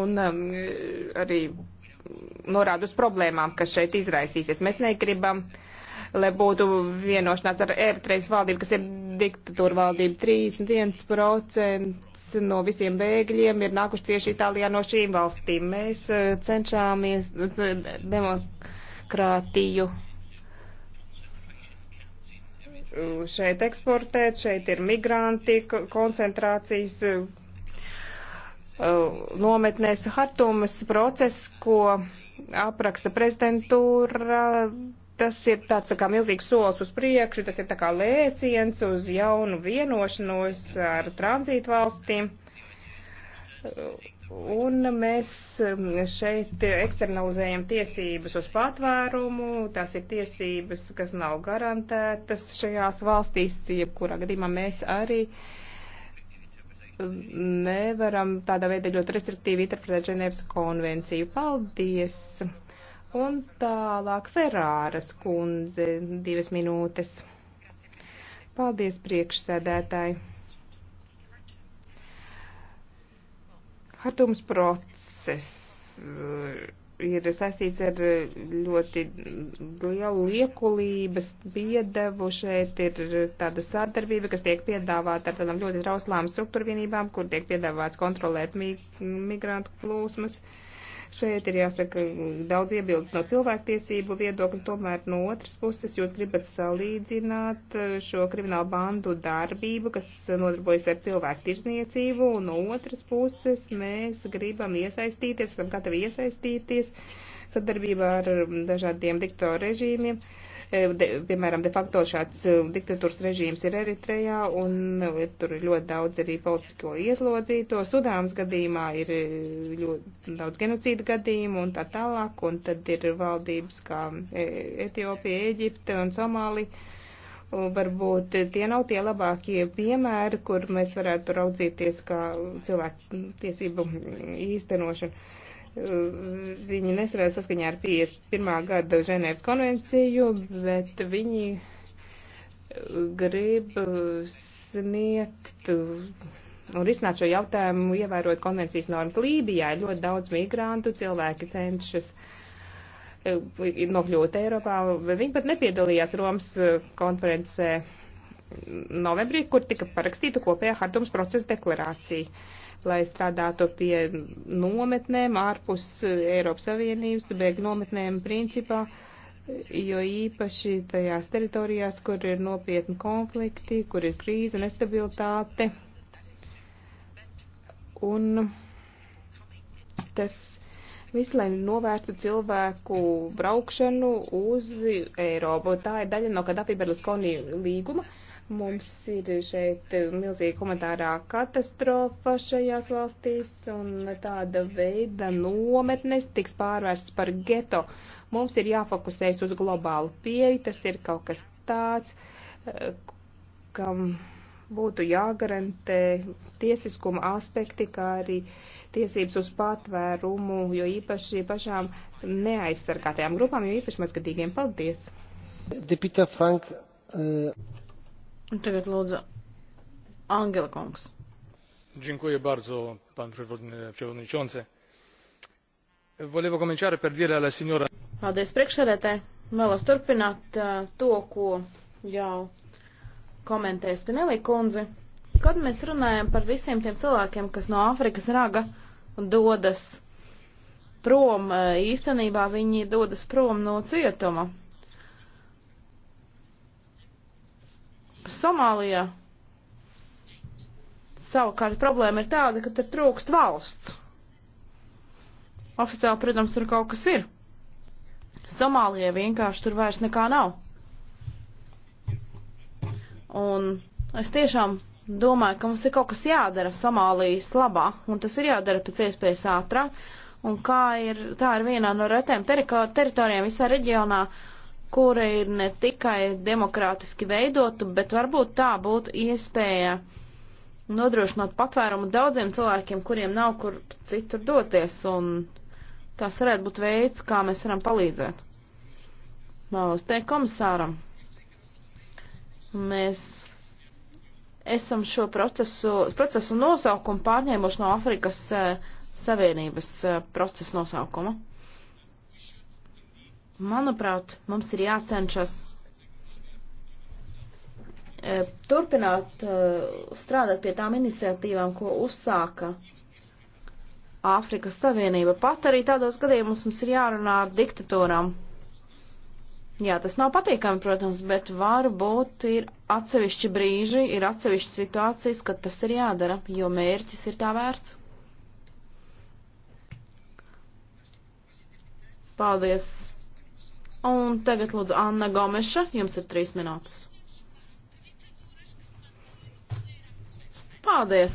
Un um, arī norāda uz problēmām, kas šeit izraisīsies. Mēs negribam, lai būtu vienošanās ar Eritrejas valdību, kas ir diktatūra valdība. 31% no visiem bēgļiem ir nākuši tieši Itālijā no šīm valstīm. Mēs uh, cenšāmies uh, demokrāt demokrātiju šeit eksportēt, šeit ir migranti koncentrācijas e, nometnēs Hartumas process, ko apraksta prezidentūra. Tas ir tāds tā kā milzīgs solis uz priekšu, tas ir tā kā lēciens uz jaunu vienošanos ar tranzītu valstīm. Un mēs um, šeit eksternalizējam tiesības uz patvērumu, tās ir tiesības, kas nav garantētas šajās valstīs, jebkurā gadījumā mēs arī um, nevaram tādā veidā ļoti restriktīvi interpretēt Ženēvas konvenciju. Paldies! Un tālāk Ferāras kundze, divas minūtes. Paldies priekšsēdētāji! Hatums process eh, ir saistīts ar ļoti lielu liekulības piedevu. Šeit ir tāda sadarbība, kas tiek piedāvāta ar tādām ļoti trauslām struktūrvienībām, kur tiek piedāvāts kontrolēt migrantu plūsmas. Uh, Šeit ir jāsaka daudz iebildes no cilvēktiesību viedokļa, tomēr no otras puses jūs gribat salīdzināt eh, šo kriminālu bandu darbību, kas nodarbojas ar cilvēku tirzniecību, un no otras puses mēs gribam iesaistīties, esam gatavi iesaistīties sadarbībā ar mm, dažādiem diktoru režīmiem. Uh, E, de, piemēram, de facto šāds e, diktatūras režīms ir Eritrejā, un e, tur ir ļoti daudz arī politisko ieslodzīto. Sudānas gadījumā ir ļoti daudz genocīda gadījumu un tā tālāk, un tad ir valdības kā Etiopija, Eģipte un Somālija varbūt tie nav tie labākie piemēri, kur mēs varētu raudzīties kā cilvēku tiesību īstenošanu. Viņi nestrādā saskaņā ar 51. gada Ženēvas konvenciju, bet viņi uh, grib uh, sniegt uh, un risināt šo jautājumu, ievērot konvencijas normas. Lībijā ir ļoti daudz migrantu, cilvēki cenšas nokļūt Eiropā. Viņi pat nepiedalījās Romas konferencē novembrī, kur tika parakstīta kopējā Hartums procesa deklarācija lai strādātu pie nometnēm ārpus Eiropas Savienības, bēg nometnēm principā, jo īpaši tajās teritorijās, kur ir nopietni konflikti, kur ir krīze, nestabilitāte. Un tas visu, lai novērstu cilvēku braukšanu uz Eiropu. Tā ir daļa no Kadafi Berlusconi līguma, Mums ir šeit eh, milzīga humanitārā katastrofa šajās valstīs, un tāda veida nometnes tiks pārvērsts par geto. Mums ir jāfokusējas uz globālu pieeju, tas ir kaut kas tāds, eh, kam būtu jāgarantē tiesiskuma aspekti, kā arī tiesības uz patvērumu, jo īpaši pašām neaizsargātajām grupām, jo īpaši mazgadīgiem. Paldies! Deputā Frank. Uh... Un tagad lūdzu Angela kungs. Dziękuję bardzo, pan przewodniczący. Volevo cominciare per dire alla signora. Paldies priekšsēdētāji. Vēlos turpināt uh, to, ko jau komentēja Spinelli kundze. Kad mēs runājam par visiem tiem cilvēkiem, kas no Āfrikas raga dodas prom, eh, īstenībā viņi dodas prom no cietuma. Somālijā savukārt problēma ir tāda, ka tur trūkst valsts. Oficiāli, protams, tur kaut kas ir. Somālijai vienkārši tur vairs nekā nav. Un es tiešām domāju, ka mums ir kaut kas jādara Somālijas labā, un tas ir jādara pēc iespējas ātrāk. Un kā ir, tā ir vienā no retēm teritorijām visā reģionā, uh, kura ir ne tikai demokrātiski veidotu, bet varbūt tā būtu iespēja nodrošināt patvērumu daudziem cilvēkiem, kuriem nav kur citur doties, un tas varētu būt veids, kā mēs varam palīdzēt. Vēlos teikt komisāram, mēs esam šo procesu, procesu nosaukumu pārņēmuši no Afrikas eh, Savienības eh, procesu nosaukuma. Manuprāt, mums ir jācenšas e, turpināt e, strādāt pie tām iniciatīvām, ko uzsāka Āfrikas Savienība. Pat arī tādos gadījumos mums ir jārunā ar diktatūrām. Jā, tas nav patīkami, protams, bet varbūt ir atsevišķi brīži, ir atsevišķi situācijas, kad tas ir jādara, jo mērķis ir tā vērts. Paldies Un tagad lūdzu Anna Gomeša, jums ir trīs minūtes. Paldies!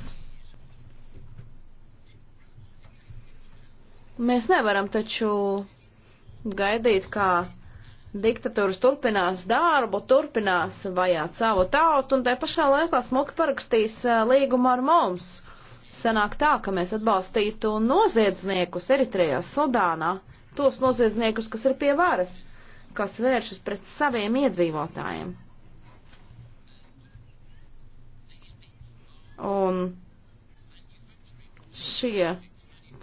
Mēs nevaram taču gaidīt, kā diktatūras turpinās darbu, turpinās vajāt savu tautu un tai pašā laikā smuki parakstīs līgumu ar mums. Sanāk tā, ka mēs atbalstītu noziedzniekus Eritrejā, Sudānā, tos noziedzniekus, kas ir pie varas kas vēršas pret saviem iedzīvotājiem. Un šie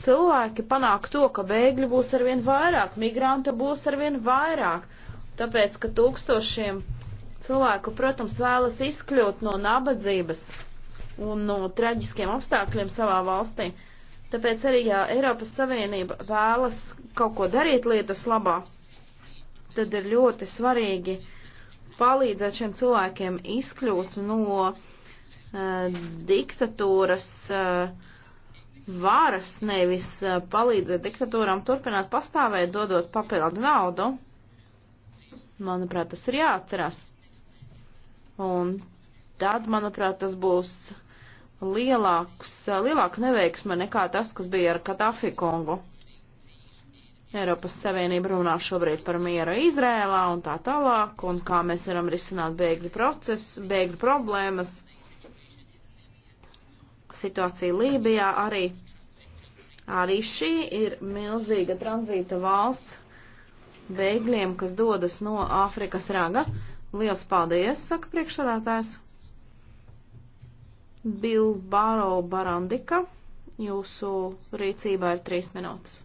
cilvēki panāk to, ka bēgļi būs arvien vairāk, migrantu būs arvien vairāk, tāpēc, ka tūkstošiem cilvēku, protams, vēlas izkļūt no nabadzības un no traģiskiem apstākļiem savā valstī. Tāpēc arī, ja Eiropas Savienība vēlas kaut ko darīt lietas labā, tad ir ļoti svarīgi palīdzēt šiem cilvēkiem izkļūt no uh, diktatūras uh, varas, nevis uh, palīdzēt diktatūram turpināt pastāvēt, dodot papildu naudu. Manuprāt, tas ir jāatcerās. Un tad, manuprāt, tas būs lielāks, lielāka neveiksme nekā tas, kas bija ar Katafi Kongu. Eiropas Savienība runā šobrīd par mieru Izrēlā un tā tālāk, un kā mēs varam risināt bēgļu procesu, bēgļu problēmas. Situācija Lībijā arī, arī šī ir milzīga tranzīta valsts bēgļiem, kas dodas no Āfrikas raga. Liels paldies, saka priekšsādātājs. Bilbaro Barandika, jūsu rīcībā ir trīs minūtes.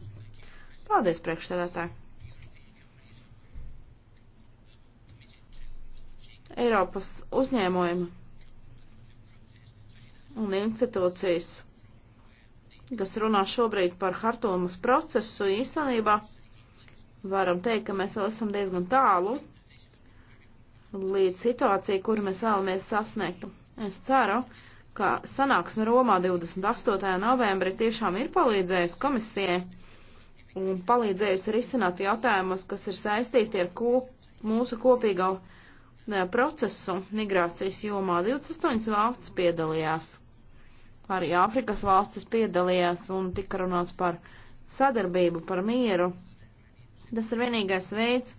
Paldies, priekšstādātāji! Eiropas uzņēmumi un institūcijas, kas runā šobrīd par Hartumas procesu, īstenībā varam teikt, ka mēs vēl esam diezgan tālu līdz situācijai, kuru mēs vēlamies sasniegt. Es ceru, ka sanāksme Romā 28. novembrī tiešām ir palīdzējusi komisijai un palīdzējusi risināt jautājumus, kas ir saistīti ar ko, mūsu kopīgo ne, procesu migrācijas jomā. 28 valstis piedalījās, arī Āfrikas valstis piedalījās un tika runāts par sadarbību, par mieru. Tas ir vienīgais veids,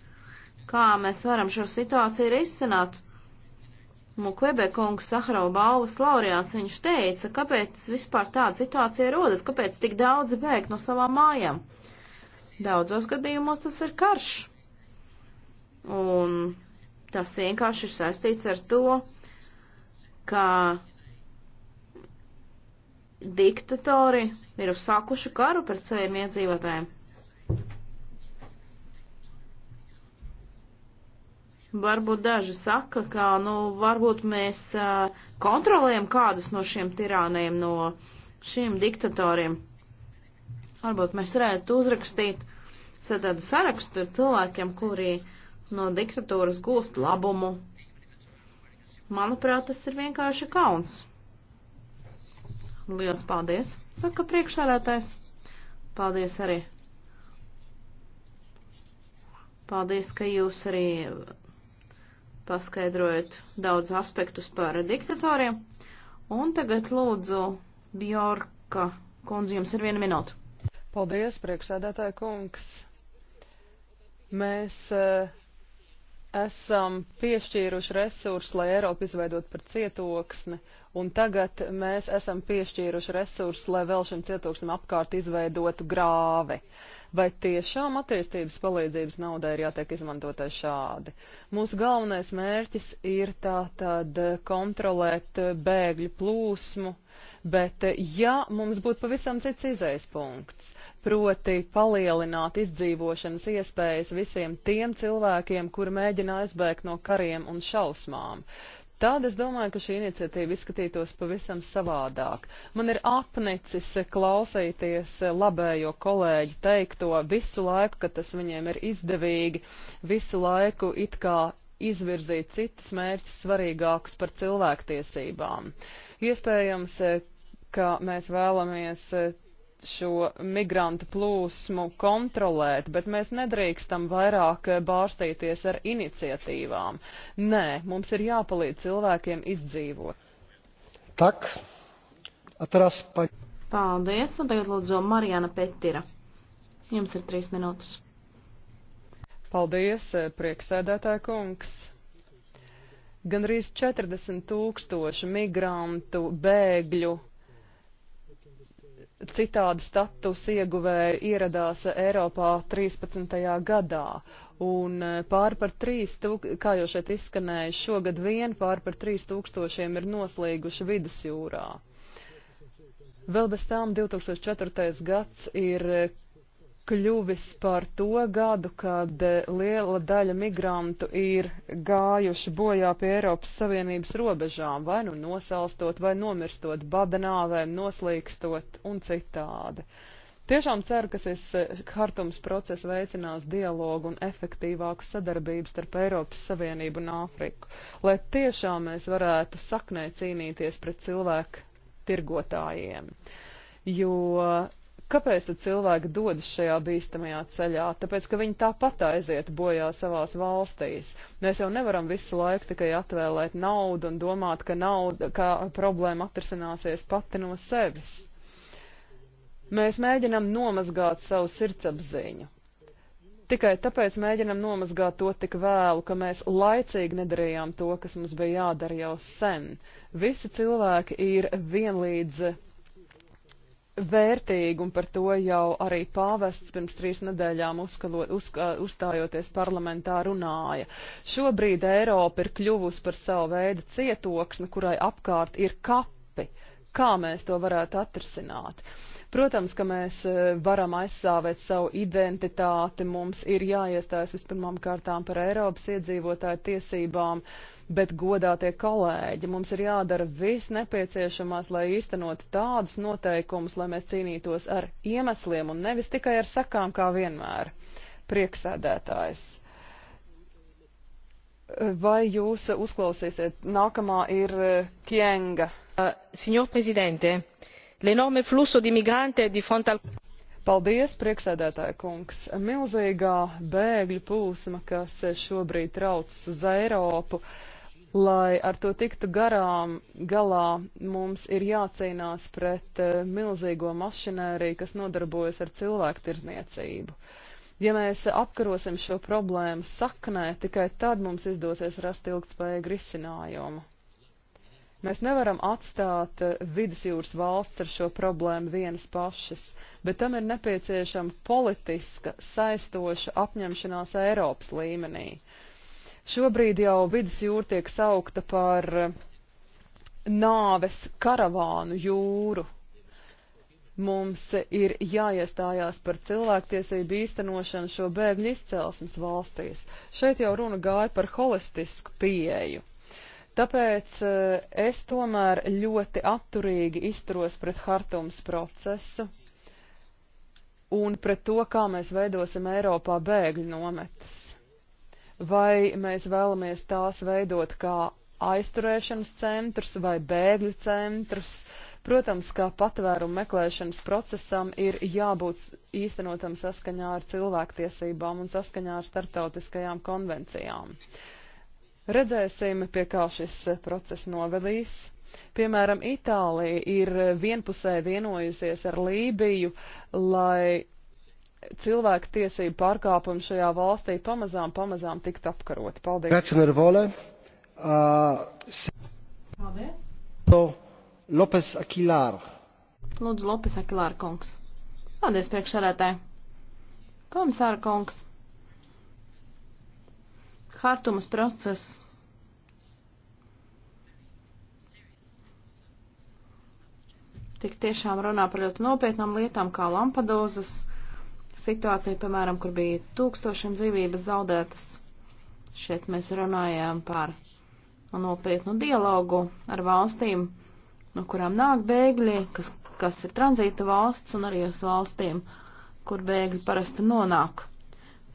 kā mēs varam šo situāciju risināt. Mukwebe kungs Saharova balvas laureāts, viņš teica, kāpēc vispār tāda situācija rodas, kāpēc tik daudzi bēg no savām mājām. Daudzos gadījumos tas ir karš. Un tas vienkārši ir saistīts ar to, ka diktatori ir uzsākuši karu pret saviem iedzīvotājiem. Varbūt daži saka, ka, nu, varbūt mēs uh, kontrolējam kādus no šiem tirāniem, no šiem diktatoriem. Varbūt mēs varētu uzrakstīt tādu sarakstu ar cilvēkiem, kuri no diktatūras gūst labumu. Manuprāt, tas ir vienkārši kauns. Lielas paldies, saka priekšsēdētājs. Paldies arī. Paldies, ka jūs arī paskaidrojat daudz aspektus par diktatoriem. Un tagad lūdzu Bjorka kundzi, jums ir viena minūte. Paldies, priekšsēdētāja kungs. Mēs uh, esam piešķīruši resursus, lai Eiropu izveidot par cietoksni, un tagad mēs esam piešķīruši resursus, lai vēl šim cietoksnim apkārt izveidotu grāvi. Vai tiešām attīstības palīdzības naudai ir jātiek izmantotai šādi? Mūsu galvenais mērķis ir tātad kontrolēt bēgļu plūsmu, uh, bet eh, ja mums būtu pavisam cits izējas punkts, proti palielināt izdzīvošanas iespējas visiem tiem cilvēkiem, kuri mēģina aizbēgt no kariem un šausmām, Tad es domāju, ka šī iniciatīva izskatītos pavisam savādāk. Man ir apnicis klausīties labējo kolēģi teikto visu laiku, ka tas viņiem ir izdevīgi, visu laiku it kā izvirzīt citus mērķus svarīgākus par cilvēktiesībām. Iespējams, eh, ka mēs vēlamies eh, šo migrantu plūsmu kontrolēt, bet mēs nedrīkstam vairāk eh, bārstīties ar iniciatīvām. Nē, mums ir jāpalīdz cilvēkiem izdzīvot. Tak, atras pa... Paldies, un tagad lūdzu Marijana Petira. Jums ir trīs minūtes. Paldies, eh, prieksēdētāja kungs. Gandrīz 40 tūkstoši migrantu, bēgļu, citādi status ieguvēju ieradās Eiropā 13. gadā. Un eh, pār par 3, tūk, kā jau šeit izskanēja, šogad vien pār par 3 tūkstošiem ir noslīguši vidusjūrā. Vēl bez tām 2004. gads ir eh, kļuvis par to gadu, kad eh, liela daļa migrantu ir gājuši bojā pie Eiropas Savienības robežām, vai nu nosalstot, vai nomirstot badanāvēm, noslīkstot un citādi. Tiešām ceru, ka šis eh, hartums process veicinās dialogu un efektīvāku sadarbību starp Eiropas Savienību un Āfriku, lai tiešām mēs varētu saknē cīnīties pret cilvēku tirgotājiem. Jo Kāpēc tad cilvēki dodas šajā bīstamajā ceļā? Tāpēc, ka viņi tāpat aiziet bojā savās valstīs. Mēs jau nevaram visu laiku tikai atvēlēt naudu un domāt, ka, nauda, ka problēma atrisināsies pati no sevis. Mēs mēģinam nomazgāt savu sirdsapziņu, Tikai tāpēc mēģinam nomazgāt to tik vēlu, ka mēs laicīgi nedarījām to, kas mums bija jādara jau sen. Visi cilvēki ir vienlīdz vērtīgu, un par to jau arī pāvests pirms trīs nedēļām uzkalot, uz, uh, uzstājoties parlamentā runāja. Šobrīd Eiropa ir kļuvusi par savu veidu cietoksni, kurai apkārt ir kapi. Kā mēs to varētu atrisināt? Protams, ka mēs uh, varam aizsāvēt savu identitāti, mums ir jāiestājas vispirmām kārtām par Eiropas iedzīvotāju tiesībām. Uh, Bet, godātie kolēģi, mums ir jādara viss nepieciešamās, lai īstenot tādus noteikumus, lai mēs cīnītos ar iemesliem un nevis tikai ar sakām, kā vienmēr. Prieksēdētājs. Vai jūs uzklausīsiet? Nākamā ir e, Kienga. Uh, signor Presidente, l'enorme flusso di migranti di fronte al. Paldies, priekšsēdētāja kungs. Milzīgā bēgļu plūsma, kas šobrīd traucas uz Eiropu, uh, Lai ar to tiktu garām galā, mums ir jācīnās pret uh, milzīgo mašinēriju, kas nodarbojas ar cilvēku tirzniecību. Ja mēs apkarosim šo problēmu saknē, tikai tad mums izdosies rast ilgtspējīgu risinājumu. Mēs nevaram atstāt uh, vidusjūras valsts ar šo problēmu vienas pašas, bet tam ir nepieciešama politiska, saistoša apņemšanās Eiropas līmenī Šobrīd jau vidusjūra tiek saukta par eh, nāves karavānu jūru. Mums ir jāiestājās par cilvēktiesību īstenošanu šo bēgļu izcelsmes valstīs. Šeit jau runa gāja par holistisku pieeju. Tāpēc eh, es tomēr ļoti atturīgi izturos pret Hartums procesu un pret to, kā mēs veidosim Eiropā bēgļu nometas vai mēs vēlamies tās veidot kā aizturēšanas centrus vai bēgļu centrus. Protams, kā patvērumu meklēšanas procesam ir jābūt īstenotam saskaņā ar cilvēktiesībām un saskaņā ar starptautiskajām konvencijām. Redzēsim, pie kā šis process novedīs. Piemēram, Itālija ir vienpusē vienojusies ar Lībiju, lai cilvēku tiesību pārkāpumi šajā valstī pamazām, pamazām tikt apkaroti. Paldies! Uh, Paldies! Lopes Akilār. Lūdzu, Lopes Akilār kungs. Paldies priekšsarētāji. Komisāra kungs. Hartumas process. Tik tiešām runā par ļoti nopietnām lietām kā lampadozas situācija, piemēram, kur bija tūkstošiem dzīvības zaudētas. Šeit mēs runājām par nopietnu dialogu ar valstīm, no kurām nāk bēgļi, kas, kas ir tranzīta valsts un arī uz valstīm, kur bēgļi parasti nonāk.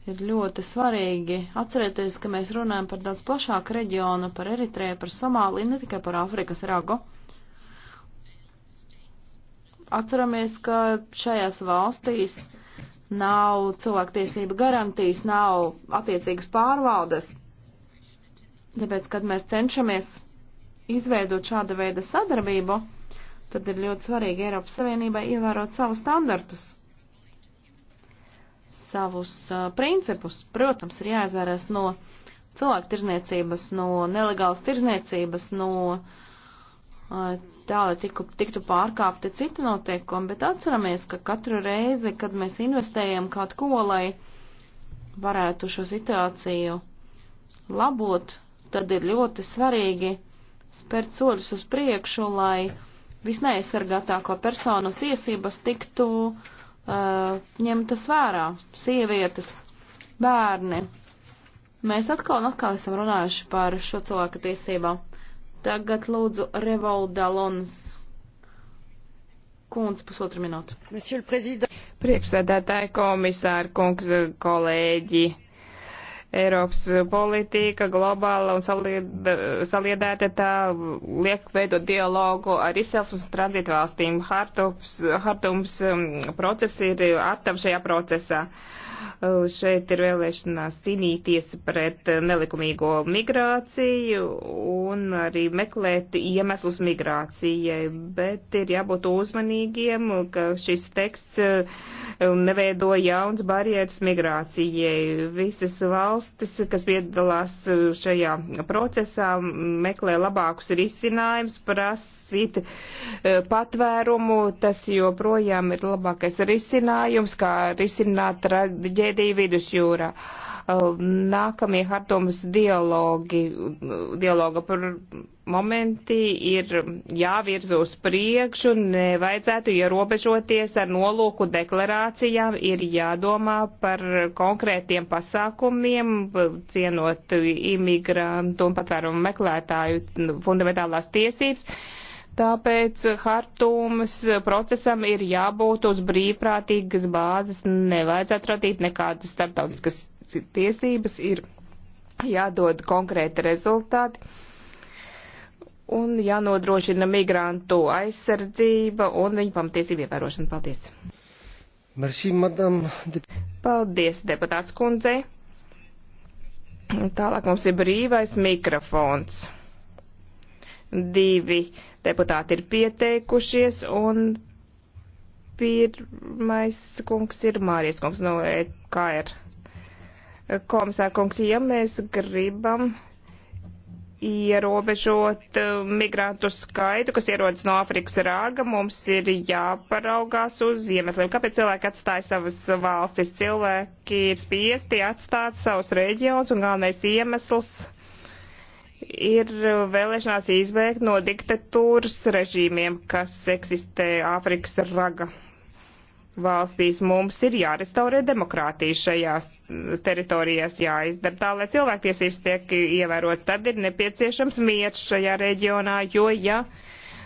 Ir ļoti svarīgi atcerēties, ka mēs runājam par daudz plašāku reģionu, par Eritreju, par Somāliju, ne tikai par Āfrikas ragu atceramies, ka šajās valstīs nav cilvēktiesība garantijas, nav attiecīgas pārvaldes. Tāpēc, kad mēs cenšamies izveidot šāda veida sadarbību, tad ir ļoti svarīgi Eiropas Savienībai ievērot savus standartus, savus uh, principus. Protams, ir jāizvērās no cilvēku tirzniecības, no nelegālas tirzniecības, no uh, tā, lai tiku, tiktu pārkāpti citi noteikumi, bet atceramies, ka katru reizi, kad mēs investējam kaut ko, lai varētu šo situāciju labot, tad ir ļoti svarīgi spērt soļus uz priekšu, lai visneaizsargātāko personu tiesības tiktu uh, ņemtas vērā - sievietes, bērni. Mēs atkal un atkal esam runājuši par šo cilvēku tiesībām. Tagad lūdzu Revoldalons. Kundz, pusotra minūte. Priekšsēdētāji, komisāri, kungs, kolēģi. Eiropas politika globāla un saliedēta tā liek veidot dialogu ar izcelsmes un tranzītu valstīm. Hartums, hartums um, process ir attav šajā procesā. Uh, Šeit ir vēlēšanās cīnīties pret nelikumīgo migrāciju un arī meklēt iemeslus migrācijai, bet ir jābūt uzmanīgiem, ka šis teksts neveido jauns barjeras migrācijai. Visas valstis, kas piedalās šajā procesā, meklē labākus risinājumus, prasa prasīt e, patvērumu. Tas joprojām ir labākais risinājums, kā risināt traģēdiju vidusjūrā. E, Nākamie Hartums dialogi, dialoga par momenti ir jāvirza uz priekšu, nevajadzētu ierobežoties ar nolūku deklarācijām, ir jādomā par konkrētiem pasākumiem, cienot imigrantu un patvērumu meklētāju fundamentālās tiesības Tāpēc Hartūmas procesam ir jābūt uz brīvprātīgas bāzes, nevajadzētu radīt nekādas starptautiskas tiesības, ir jādod konkrēti rezultāti un jānodrošina migrantu aizsardzība un viņu pamatiesību ievērošana. Paldies! Merci, madame. Paldies, deputāts kundzei! Tālāk mums ir brīvais mikrofons. Divi deputāti ir pieteikušies, un pirmais kungs ir Mārijas kungs no EKR. Komisār kungs, ja mēs gribam ierobežot uh, migrantu skaitu, kas ierodas no Āfrikas rāga, mums ir jāparaugās uz iemesliem. Kāpēc cilvēki atstāja savas valstis? Cilvēki ir spiesti atstāt savus reģionus, un galvenais iemesls ir e, vēlēšanās izbēgt no diktatūras režīmiem, kas eksistē Āfrikas raga valstīs. Mums ir jārestaurē demokrātija šajās teritorijās, jāizdara tā, lai cilvēktiesības tiek ievērotas. Tad ir nepieciešams miers šajā reģionā, jo ja.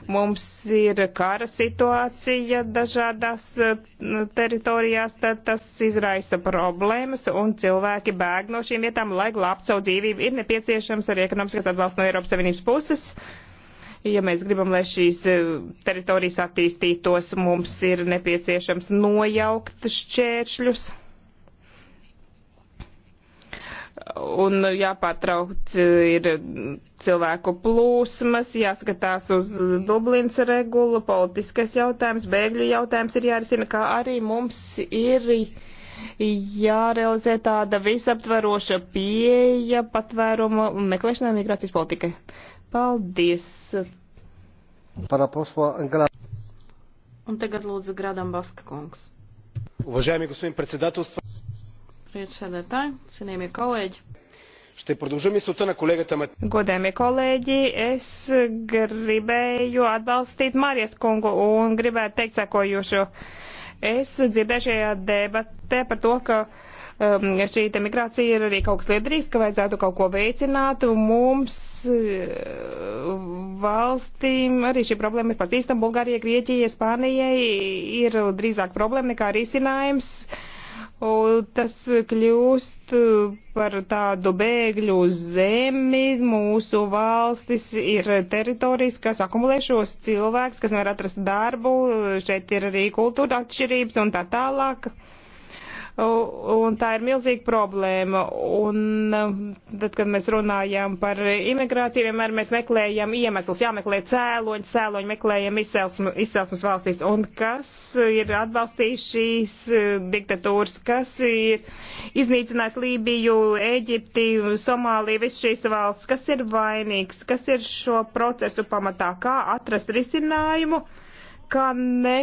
Mums ir kara situācija dažādās e, teritorijās, tad tas izraisa problēmas un cilvēki bēg no šīm vietām, lai glābtu savu dzīvību. Ir nepieciešams arī ekonomiskās atbalsts no Eiropas Savienības puses ja mēs gribam, lai šīs e, teritorijas attīstītos, mums ir nepieciešams nojaukt šķēršļus un jāpārtrauc ir cilvēku plūsmas, jāskatās uz Dublins regulu, politiskais jautājums, bēgļu jautājums ir jārisina, kā arī mums ir jārealizē tāda visaptveroša pieeja patvērumu un meklēšanai migrācijas politikai. Paldies! Un tagad lūdzu Gradam Baska kungs. Уважаеми господин председателство, priekšsēdētāji, cienījamie kolēģi. Ще продължа мисълта на колегата Мат... Godējumie kolēģi, es gribēju atbalstīt Marijas kungu un gribētu teikt sakojušo. Es dzirdēju šajā debatē par to, ka um, šī te migrācija ir arī kaut kas liederīgs, ka vajadzētu kaut ko veicināt. Mums uh, valstīm arī šī problēma ir pazīstama. Bulgārijai, Grieķijai, Spānijai ir drīzāk problēma nekā risinājums. Uh, Un tas kļūst par tādu bēgļu zemi. Mūsu valstis ir teritorijas, kas akumulē šos cilvēkus, kas nevar atrast darbu. Šeit ir arī kultūra atšķirības un tā tālāk. Uh, un tā ir milzīga problēma. Un um, tad, kad mēs runājam par imigrāciju, vienmēr mēs meklējam iemeslus, jāmeklē cēloņi, cēloņi meklējam izcelsmes, izcelsmes valstīs. Un kas ir atbalstījis šīs uh, diktatūras, kas ir iznīcinājis Lībiju, Eģipti, Somāliju, visas šīs valsts, kas ir vainīgs, kas ir šo procesu pamatā, kā atrast risinājumu kā ne,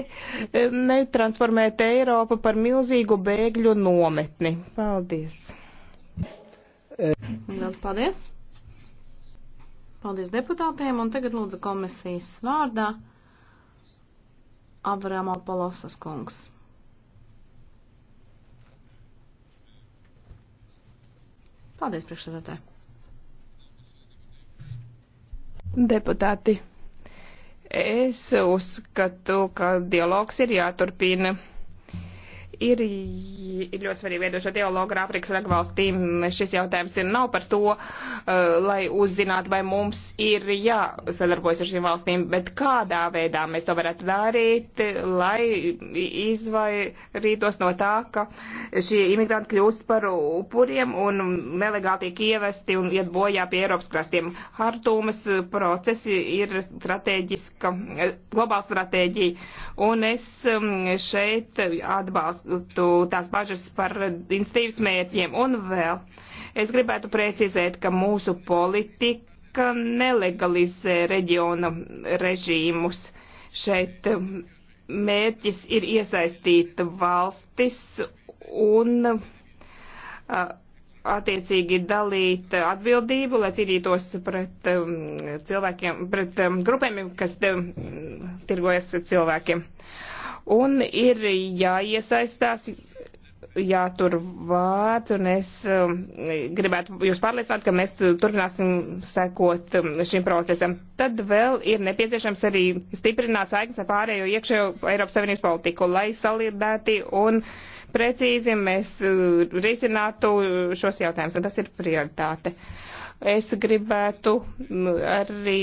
netransformēt Eiropu par milzīgu bēgļu nometni. Paldies! Liels paldies! Paldies deputātiem, un tagad lūdzu komisijas vārdā Avramo Polosas kungs. Paldies, priekšsēdētāji! Deputāti! Es uzskatu, ka dialogs ir jāturpina ir ļoti svarīgi veidot šo dialogu ar Āfrikas ragvalstīm. Šis jautājums ir nav par to, uh, lai uzzinātu, vai mums ir jāsadarbojas ar šīm valstīm, bet kādā veidā mēs to varētu darīt, lai izvairītos no tā, ka šie imigranti kļūst par upuriem un nelegāli tiek ievesti un iet bojā pie Eiropas krastiem. Hartūmas procesi ir stratēģiska, globāla stratēģija, un es um, šeit atbalstu paustu tās bažas par institīvas mērķiem. Un vēl es gribētu precizēt, ka mūsu politika nelegalizē reģiona režīmus. Šeit um, mērķis ir iesaistīt valstis un uh, attiecīgi dalīt atbildību, lai cīnītos pret um, cilvēkiem, pret um, grupēm, kas um, tirgojas cilvēkiem. Uh, un ir jāiesaistās, jātur vārds, un es um, gribētu jūs pārliecināt, ka mēs turpināsim sekot um, šim procesam. Tad vēl ir nepieciešams arī stiprināt saiknes ar pārējo iekšējo Eiropas Savienības politiku, lai salirdēti un precīzi mēs uh, risinātu šos jautājumus, un tas ir prioritāte. Es gribētu mm, arī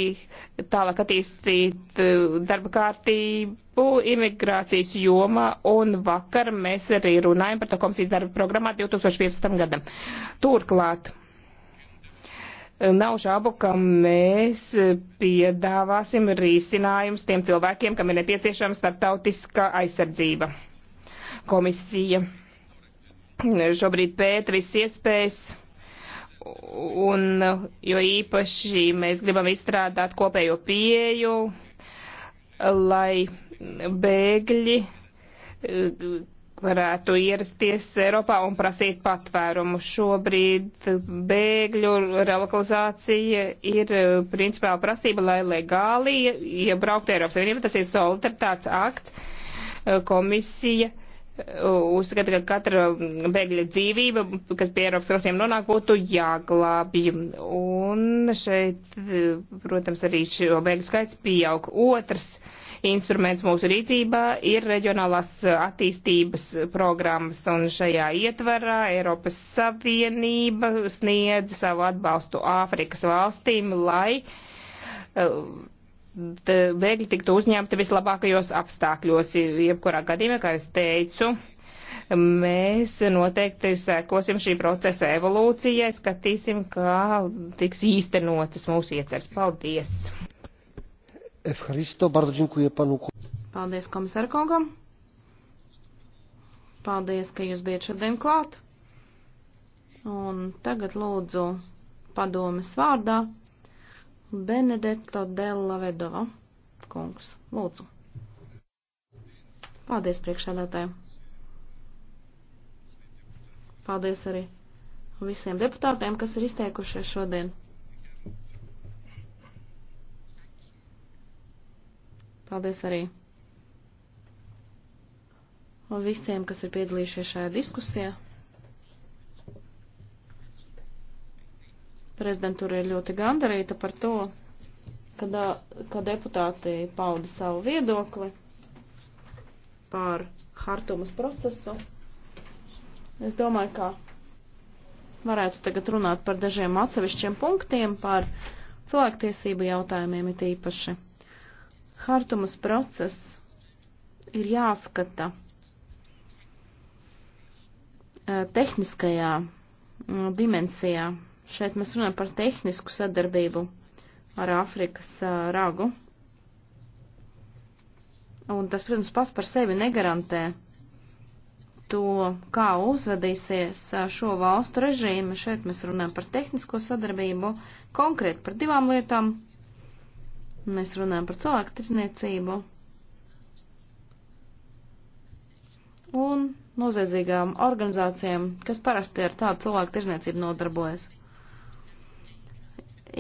tālāk attīstīt uh, darba kārtību darbu imigrācijas jomā, un vakar mēs arī runājam par to komisijas darba programmā 2015. gadam. Turklāt. Nav šaubu, ka mēs piedāvāsim risinājums tiem cilvēkiem, kam ir nepieciešama starptautiska aizsardzība. Komisija šobrīd pēta visas iespējas un jo īpaši mēs gribam izstrādāt kopējo pieju, lai bēgļi varētu ierasties Eiropā un prasīt patvērumu. Šobrīd bēgļu relokalizācija ir principāla prasība, lai legāli iebraukt Eiropas Savienībā. Tas ir solidaritāts akts. Komisija uzskata, ka katra bēgļa dzīvība, kas pie Eiropas krastiem nonāk, būtu jāglābj. Un šeit, protams, arī šo bēgļu skaits pieaug. Otrs instruments mūsu rīcībā ir reģionālās attīstības programmas, un šajā ietvarā Eiropas Savienība sniedz savu atbalstu Āfrikas valstīm, lai uh, bēgļi tiktu uzņemti vislabākajos apstākļos, jebkurā gadījumā, kā es teicu. Mēs noteikti sekosim šī procesa evolūcijai, skatīsim, kā tiks īstenotas mūsu ieceres. Paldies! Evharisto, bardzo dziękuję panu. Paldies komisārkungam. Paldies, ka jūs bijat šodien klāt. Un tagad lūdzu padomes vārdā Benedetto Della Vedova kungs. Lūdzu. Paldies priekšsēdētājiem. Paldies arī visiem deputātiem, kas ir izteikušies šodien. Paldies arī visiem, kas ir piedalījušies šajā diskusijā. Prezidentūra ir ļoti gandarīta par to, kad, ka deputāti pauda savu viedokli par Hartumas procesu. Es domāju, ka varētu tagad runāt par dažiem atsevišķiem punktiem, par cilvēktiesību jautājumiem it īpaši. Hartumas process ir jāskata eh, tehniskajā mm, dimensijā. Šeit mēs runājam par tehnisku sadarbību ar Āfrikas eh, ragu. Un tas, protams, pats par sevi negarantē to, kā uzvedīsies eh, šo valstu režīmu. Šeit mēs runājam par tehnisko sadarbību, konkrēti par divām lietām Mēs runājam par cilvēku tirzniecību un noziedzīgām organizācijām, kas parasti ar tādu cilvēku tirzniecību nodarbojas.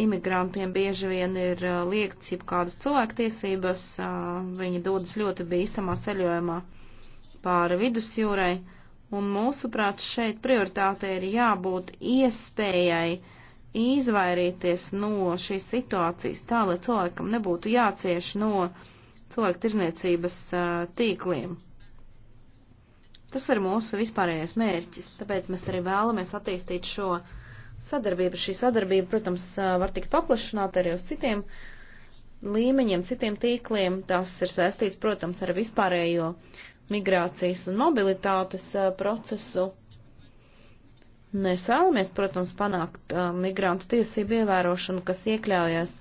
Imigrantiem bieži vien ir uh, liekts jau kādas cilvēktiesības, uh, viņi dodas ļoti bīstamā ceļojumā pāri vidusjūrai, un mūsuprāt šeit prioritāte ir jābūt iespējai izvairīties no šīs situācijas tā, lai cilvēkam nebūtu jācieš no cilvēku tirzniecības tīkliem. Tas ir mūsu vispārējais mērķis, tāpēc mēs arī vēlamies attīstīt šo sadarbību. Šī sadarbība, protams, var tikt paplašināta arī uz citiem līmeņiem, citiem tīkliem. Tas ir saistīts, protams, ar vispārējo migrācijas un mobilitātes procesu Mēs vēlamies, protams, panākt uh, migrantu tiesību ievērošanu, kas iekļaujas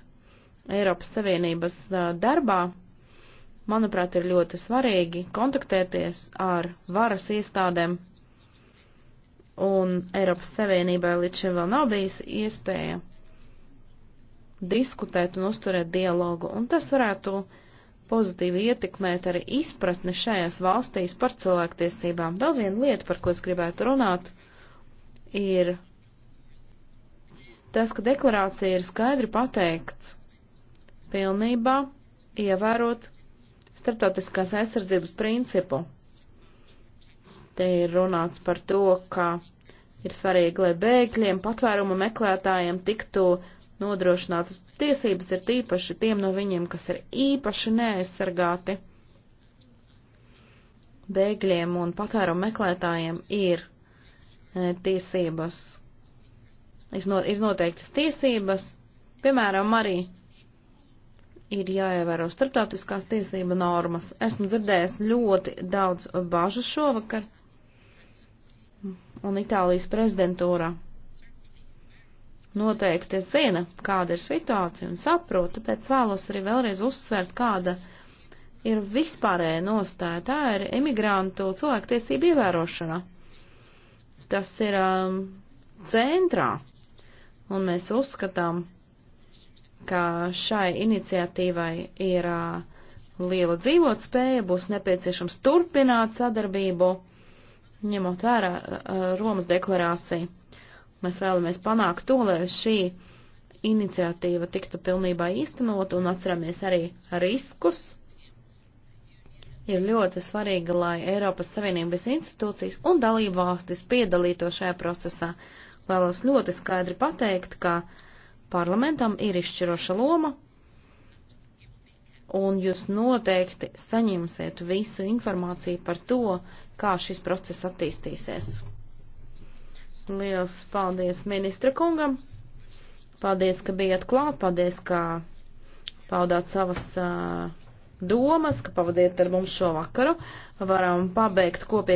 Eiropas Savienības uh, darbā. Manuprāt, ir ļoti svarīgi kontaktēties ar varas iestādēm, un Eiropas Savienībai līdz šim vēl nav bijis iespēja diskutēt un uzturēt dialogu, un tas varētu pozitīvi ietekmēt arī izpratni šajās valstīs par cilvēktiesībām. Vēl viena lieta, par ko es gribētu runāt. Uh, ir tas, ka deklarācija ir skaidri pateikts pilnībā ievērot starptautiskās aizsardzības principu. Te ir runāts par to, ka ir svarīgi, lai bēgļiem, patvērumu meklētājiem tiktu nodrošinātas tiesības, ir tīpaši tiem no viņiem, kas ir īpaši neaizsargāti. Bēgļiem un patvērumu meklētājiem ir E, tiesības. No, ir noteiktas tiesības, piemēram, arī ir jāievēro starptautiskās tiesība normas. Esmu dzirdējis ļoti daudz bažu šovakar un Itālijas prezidentūrā. Noteikti es zinu, kāda ir situācija un saprotu, bet vēlos arī vēlreiz uzsvērt, kāda ir vispārēja nostāja. Tā ir emigrantu cilvēktiesība ievērošana tas ir um, centrā. Un mēs uzskatām, ka šai iniciatīvai ir uh, liela dzīvotspēja, būs nepieciešams turpināt sadarbību, ņemot vērā uh, uh Romas deklarāciju. Mēs vēlamies panākt to, lai šī iniciatīva tiktu pilnībā īstenot un atceramies arī riskus, ir ļoti svarīga, lai Eiropas Savienības institūcijas un dalību valstis piedalītos šajā procesā. Vēlos ļoti skaidri pateikt, ka parlamentam ir izšķiroša loma, un jūs noteikti saņemsiet visu informāciju par to, kā šis process attīstīsies. Liels paldies ministra kungam! Paldies, ka bijāt klāt, paldies, ka paudāt savas uh, domas, ka pavadiet ar mums šo vakaru. Varam pabeigt kopīgi.